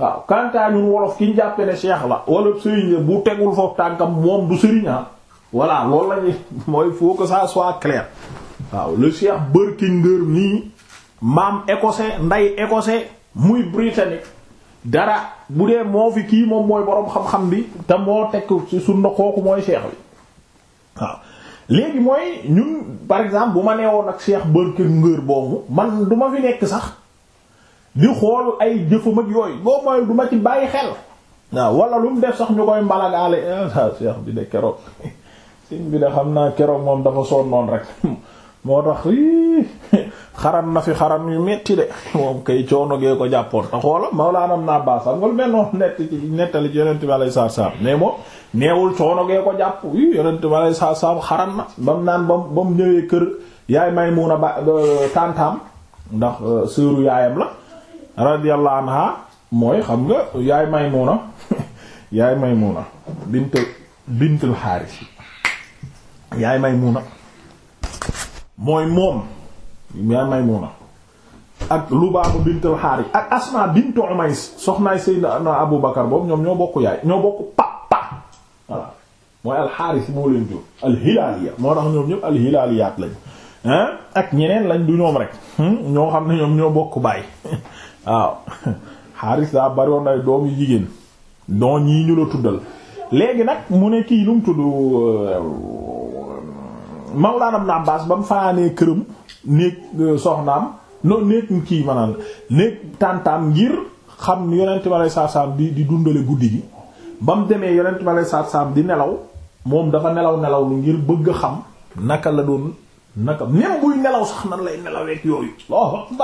waaw kantaa ñun wolof ki ñu jàppe ne cheikh la wala sëriñ bu tegul foofu tànkam moom du sëriña ah. voilà loolu lañu mooy faut que ça soit clair waaw le cheikh bërki ngër nii maam écossais nday écossais muy britannique dara bu dee moo fi kii moom mooy boroom xam-xam bi te moo tekk ci na kooku mooy cheikh bi waaw léegi mooy ñun par exemple bu ma neewoon ak cheikh bërkë ngër boobu man duma fi nekk sax di xool ay jëfam ak yooyu boo mooy du ma ci bàyyi xel waaw wala lu mu def sax ñu koy mbalagaale ah cheikh bi de keroog siñ bi de xam naa keroog moom dafa sonnoon rek moo tax xaran na fi xaran yu metti de moom kay coono gee ko jàppoon te xoola Mawlaana Ibn Abbaas am nga lu mel noonu nett ci nettali ci yonent bi alayhi salaatu moom neewul coono gee ko jàpp i yonent bi xaran na bam naan bam ba mu ñëwee kër yaay Maymuna ba euh, tantaam ndax euh, sëru yaayam la radiyallahu anha mooy xam nga yaay Maymuna yaay Maymuna mooy moom yaa Maymuna ak Lubaaba bint al ak Asmaa bint Umays soxnaay Seydina Abu Bakar boobu ñoom ñoo bokk yaay ñoo bokk papa voilà mooy al-Haaris moo leen jur al moo tax ñoom ñëpp al-Hilaaliyaat lañ ak ñeneen lañ du ñoom rek hmm? ñoo xam ne ñoom ñoo bokk baay waaw Haaris daa bari ay doom yu jigéen doon ñii ñu la tuddal léegi nag mu ne kii lu mu tudd euh, man laa Mawlaana naa Abbaas ba mu fanaanee këram néeg euh, soxnaam noonu néeg kii maanaam néeg tàntaam ngir xam ni yonent bi alayhi salaam di di dundale guddi gi ba mu demee yonent bi alayhi salaam di nelaw moom dafa nelaw nelaw lu ngir bëgg xam naka la doon naka même buy nelaw sax nan lay nelaweek yooyu Allahu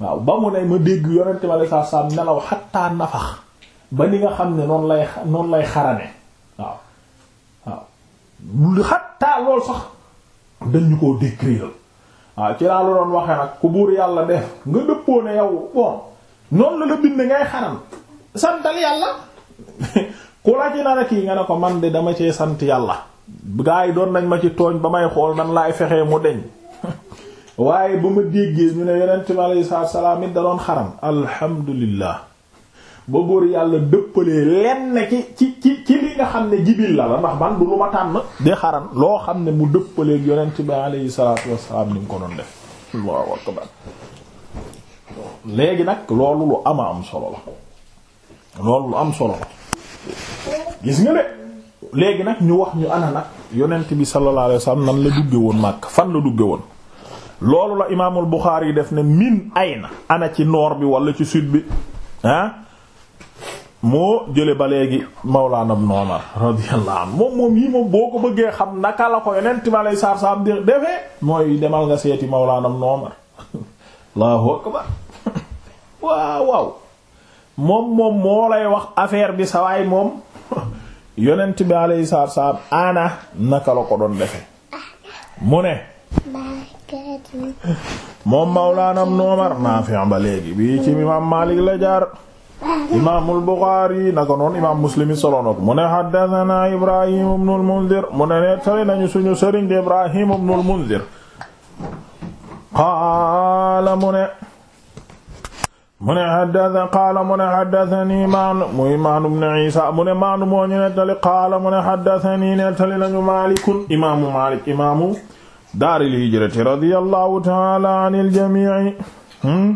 waaw ba mu ne ma dégg yonent bi alayhi salaam nelaw xattaa nafax ba ni nga xam ne noonu lay noonu lay xarane waaw xattaa lool sax dañ ñu koo décrire waaw ci laa la doon waxee nag ku buur yàlla de nga dëppoo ne yow bon noonu la la bind ngay xaram santal yàlla ku la ci nara kii nga ne ko man de dama cee sant yàlla gaa yi doon nañ ma ci tooñ ba may xool nan laay fexee mu deñ waaye ba ma déggee ñu ne yonent bi alayhi salaam it da doon xaram alhamdulillah ba buur yàlla dëppalee lenn ci ci ci ci li nga xam ne jibil la la ndax ban bu lu ma tànn di xaran loo xam ne mu dëppaleeg yonent bi alayhi salaatu wassalaam ni mu ko doon def allahu akbar léegi nag loolu lu ama am solo la loolu lu am solo la gis nga de léegi nag ñu wax ñu ana nag yonent bi sallallahu alayhi wasallam nan la dugge woon màkk fan la dugge woon loolu la imaamul Buxaari yi def ne miin ay na ana ci noor bi wala ci sud bi ah moo jële ba léegi mawlaana ibn Umar radiyallahu anhu moom moom yi moom boo ko bëggee xam naka la ko yonent bi sawaay moom yonent bi ana naka la ko doon defe mu ne moom mawlaana ibn Umar Naafi' ba léegi bi ci imaam Maalik la jaar imaamul Buxaari naka noonu imaam Muslim yi solo na ko mu ne haddathana Ibrahim ibn al-Mundhir mu ne nettali nañu suñu sëriñ di Ibrahim ibn al-Mundhir qaala mu ne mu ne haddatha qaala mu ne haddathani Ma'n muy Ma'n ibn Isa mu ne Ma'n moo ñu nettali qaala mu ne haddathani nettali nañu Maalikun imaamu Maalik imaamu daaril hijrati radiyallahu ta'ala anil jamii hmm?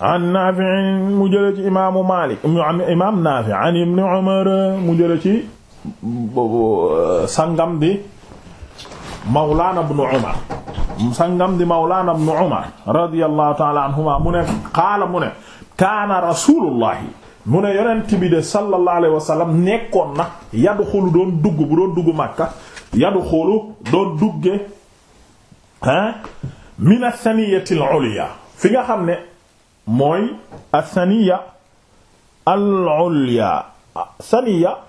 an Naafi' mu jële ci imaamu Maalik imaam Naafi' an ibn Umar mu jële ci sangam di Mawlaana ibn Umar sangam di Mawlaana ibn Umar radiyallahu ta'ala anhuma mu ne qaala mu ne kaana rasuulullahi mu ne yonent bi de sallallahu alayhi wa sallam nekkoon na yadu xulu doon dugg bu doon dugg Makka yadu xulu doon dugge ah min as-saniyati al-ulya fi nga xam ne mooy asaniya al-ulya saniya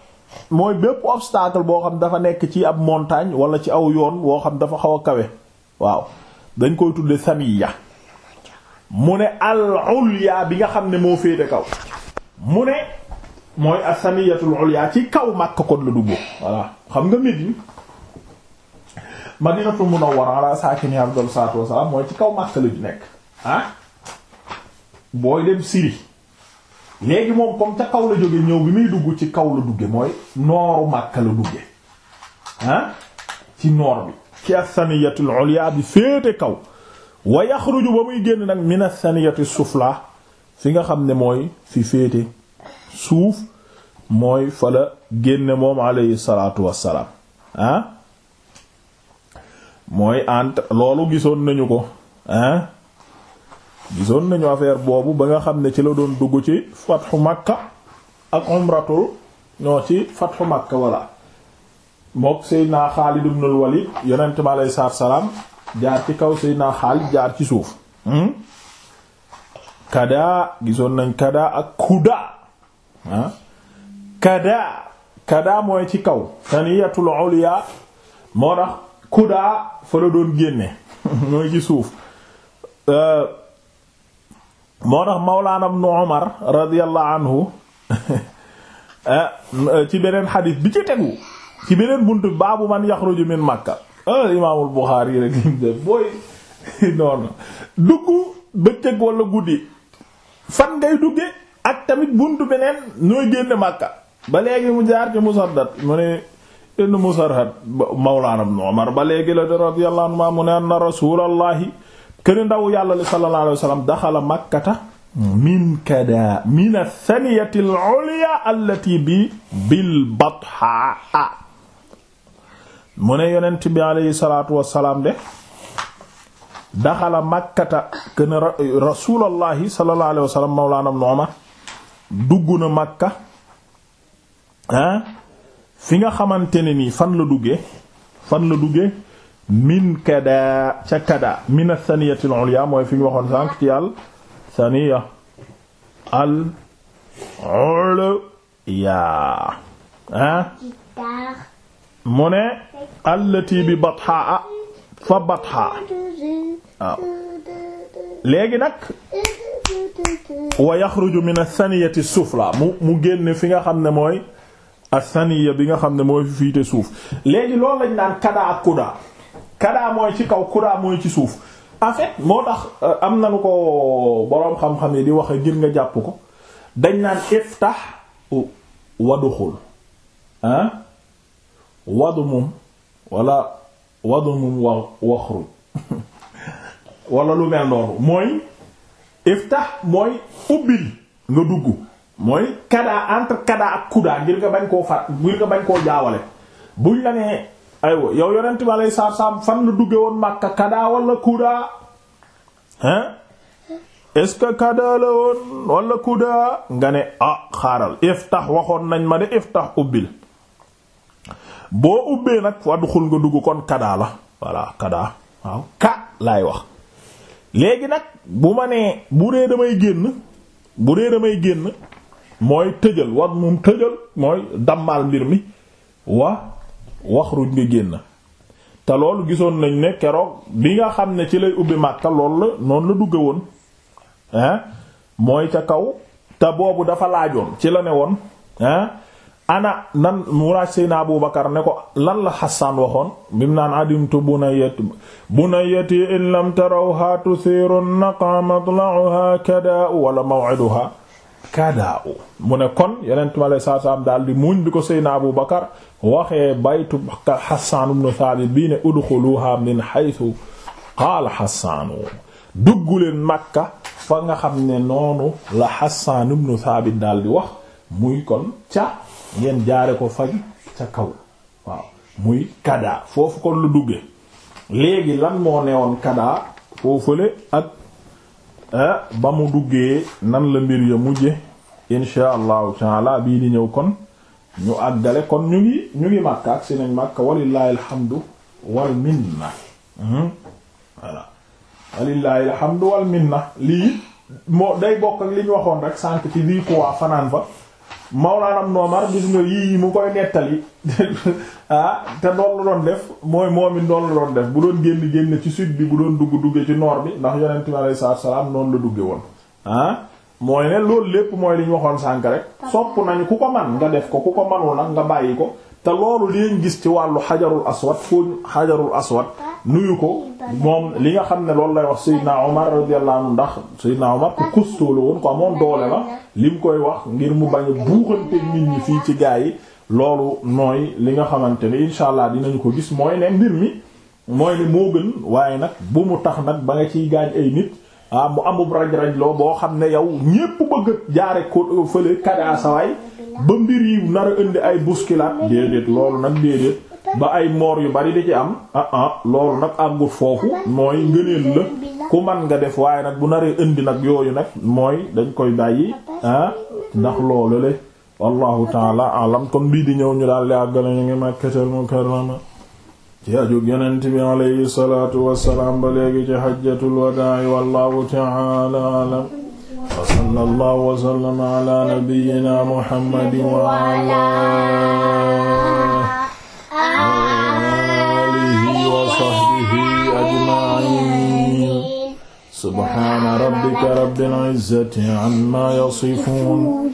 mooy bépp obstacle boo xam dafa nekk ci ab montagne wala ci aw yoon woo xam dafa xaw a kawe waaw dañ koy tudde saniya mu ne al-ulya bi nga xam ne moo féete kaw mu ne mooy asaniyatul ulya ci kaw Makka kon la dugg voilà xam nga mit yi Madinatul Munawwara ala saakini afdal salaatu wassalaam mooy ci kaw Makka la ju nekk ah booy dem Syrie léegi moom comme ca kaw la jóge ñëw bi muy dugg ci kaw la dugge mooy nooru Makka la dugge ci noor bi ci as ulya bi féete kaw wa yaxruju ba muy génn nag min as-saniyati sufla fi nga xam ne mooy fi féete suuf mooy fa la génne moom alayhi salaatu wassalaam mooy entre loolu gisoon nañu ko ah gisoon nañu affaire boobu ba nga xam ne ci la doon dugg ci fatxu makka ak umratul ñoo ci fatxu makka walla mook seydna Xaalid ibnul Walid yonent mi aleyhi salaam jaar ci kaw seydna Xaalid jaar ci suuf hmm? kada gisoon nañ kada ak kuda ah kada mooy ci kaw saniyatul ulya moo tax kuda fa la doon génne mooy ci suuf euh, moo tax Mawlaana Ibnu Umar radiyallahu anhu eh, ci beneen xadis bi ci tegu ci beneen buntu baabu man yaxruju min Makka ah Imaamul Buxaari rek booy noonu dugg bëccëg wala guddi fan ngay dugge ak tamit bunt beneen nooy génn Makka ba léegi mu jaar ci Musaddad mu ne ibn Musarhad Mawlaana Ibnu Umar ba léegi la de radiyallahu anhu mu ne anna Rasuulallahi kër ndaw yàlla li sallallahu alayhi wa sallam daxala makkata min kada min athaniyati al ulya allati bi bil batha mu ne yonent bi alayhi salatu wasalaam de daxala makkata kën rasulallahi sallallahu alayhi wa sallam mawlana ibn umar dugg na makka ah, fi nga xamante ne nii fan la duggee fan la duggee min kada ca kada min asaniyati al mooy fi ñu sànq ci al saniya al ulya ah mu ne allati bi bathaa fa bathaa waaw léegi nag wa yaxruju min asaniyati sufla mu mu génn fi nga xam ne mooy asaniya bi nga xam ne mooy fi fiite suuf léegi loolu lañ naan kada ak kuda kadaa mooy ci kaw kudaa mooy ci suuf en fait moo tax euh, am na nu ko boroom xam-xam yi di wax ngir nga jàpp ko dañ naan iftah waduxul ah wadu mum wala wadu mum wa wala lu mel noonu mooy iftah mooy ubbil nga dugg mooy kadaa entre kadaa ak kudaa ngir nga bañ koo far ngir nga bañ koo jaawale buñ la nee aywa yow yonent bi aleyhi salaatu salaam fan la dugge woon Makka kadaa wala kudaa hein est-ce que kadaa la woon wala kudaa nga ne ah xaaral iftax waxoon nañ ma ne iftax ubbil boo ubbee nag wadxul nga dugg kon kadaa la voilà kadaa waaw ka laay wax léegi nag bu ma nee bu dee damay génn bu dee damay génn mooy tëjal wat moom tëjal mooy dammaal mbir mi wa wax waxruj nga génn te loolu gisoon nañ ne keroog bi nga xam ne ci lay ubbi Makka loolu la noonu la dugge woon ah mooy ca kaw te boobu dafa laajoon ci la ne woon ana nan mu laaj Seydina Abu Bakar ne ko lan la Hassan waxoon bi mu naan adimtu bunayyati bunayyati in lam tarawha tuthiru an-naqa matla'uha kada wala maw'iduha kada u mu ne kon yenent mi aleye saatu salaam di muñ bi ko seyna Abu Bakar waxee baytu Hassan ibn Thabit bii ne udxuluha min haythu qaala Hassan dugg leen Makka fa nga xam ne noonu la Hassan ibn Thabit daal di wax muy kon ca ngeen jaare ko faj ca kaw waaw muy kada foofu kon lu dugge léegi lan moo newoon kada foofale ak Eh, ba mu duggee nan la mbir ya mujje insha allahu taala bii di ñëw kon ñu àggale kon ñu ngi ñu ngi màkka ak si nañ màkk walillahi alhamdu wal minna mhm. voilà walillahi alhamdu lii moo day bokk ak li waxoon rek sànq ci lii ko waa fanaan fa maw mawlaanam noomar gis nga yii mu koy nettali ah te doon la doon def mooy moom it doon la doon def bu doon génn génn ci sud bi bu doon dugg duggee ci nord bi ndax yonent bi alayhi salaatu salaam noonu la dugge woon ah mooy ne loolu lépp mooy li ñu waxoon sànk rek sopp nañu ku ko man nga def ko ku ko manul nag nga bàyyi ko te loolu leen gis ci wàllu xajarul aswad fooñ xajarul aswad nuyu ko moom li nga xam ne loolu lay wax Seydina Omar radiyallahu anhu ndax Seydina Omar ku kustoolu woon ko amoon doole la lim koy wax ngir mu bañ a buuxante nit ñi fii ci gaa yi loolu nooy li nga xamante ne incha allah dinañu ko gis mooy ne mbir mi mooy ne moo gën waaye nag bu mu tax nag ba nga ciy gaañ ay nit ah mu amub raj-raj loo boo xam ne yow ñépp bëgg jaare ko fële kada sawaay ba mbir yi nar a indi ay bousculade déedéet loolu nag déedéet ba ay moor yu bari di ci am ah ah loolu nag àggut foofu mooy ngëneel la ku man nga def waaye nag bu naree indi nag yooyu nag mooy dañ koy bàyyi ah ndax loolu le wallahu taala alam kon bii di ñëw ñu daal li àggala ñu ngi Makkatul Mukarrama ci ajug yonent bi alayhi salaatu wassalaam ba léegi ci xajjatul wadaa wallahu ta'ala alam wa sallallahu wa sallama ala nabiyyina muhammadin wa ala alihi wa sahbihi ajma'in subhana rabbika rabbil izzati amma yasifun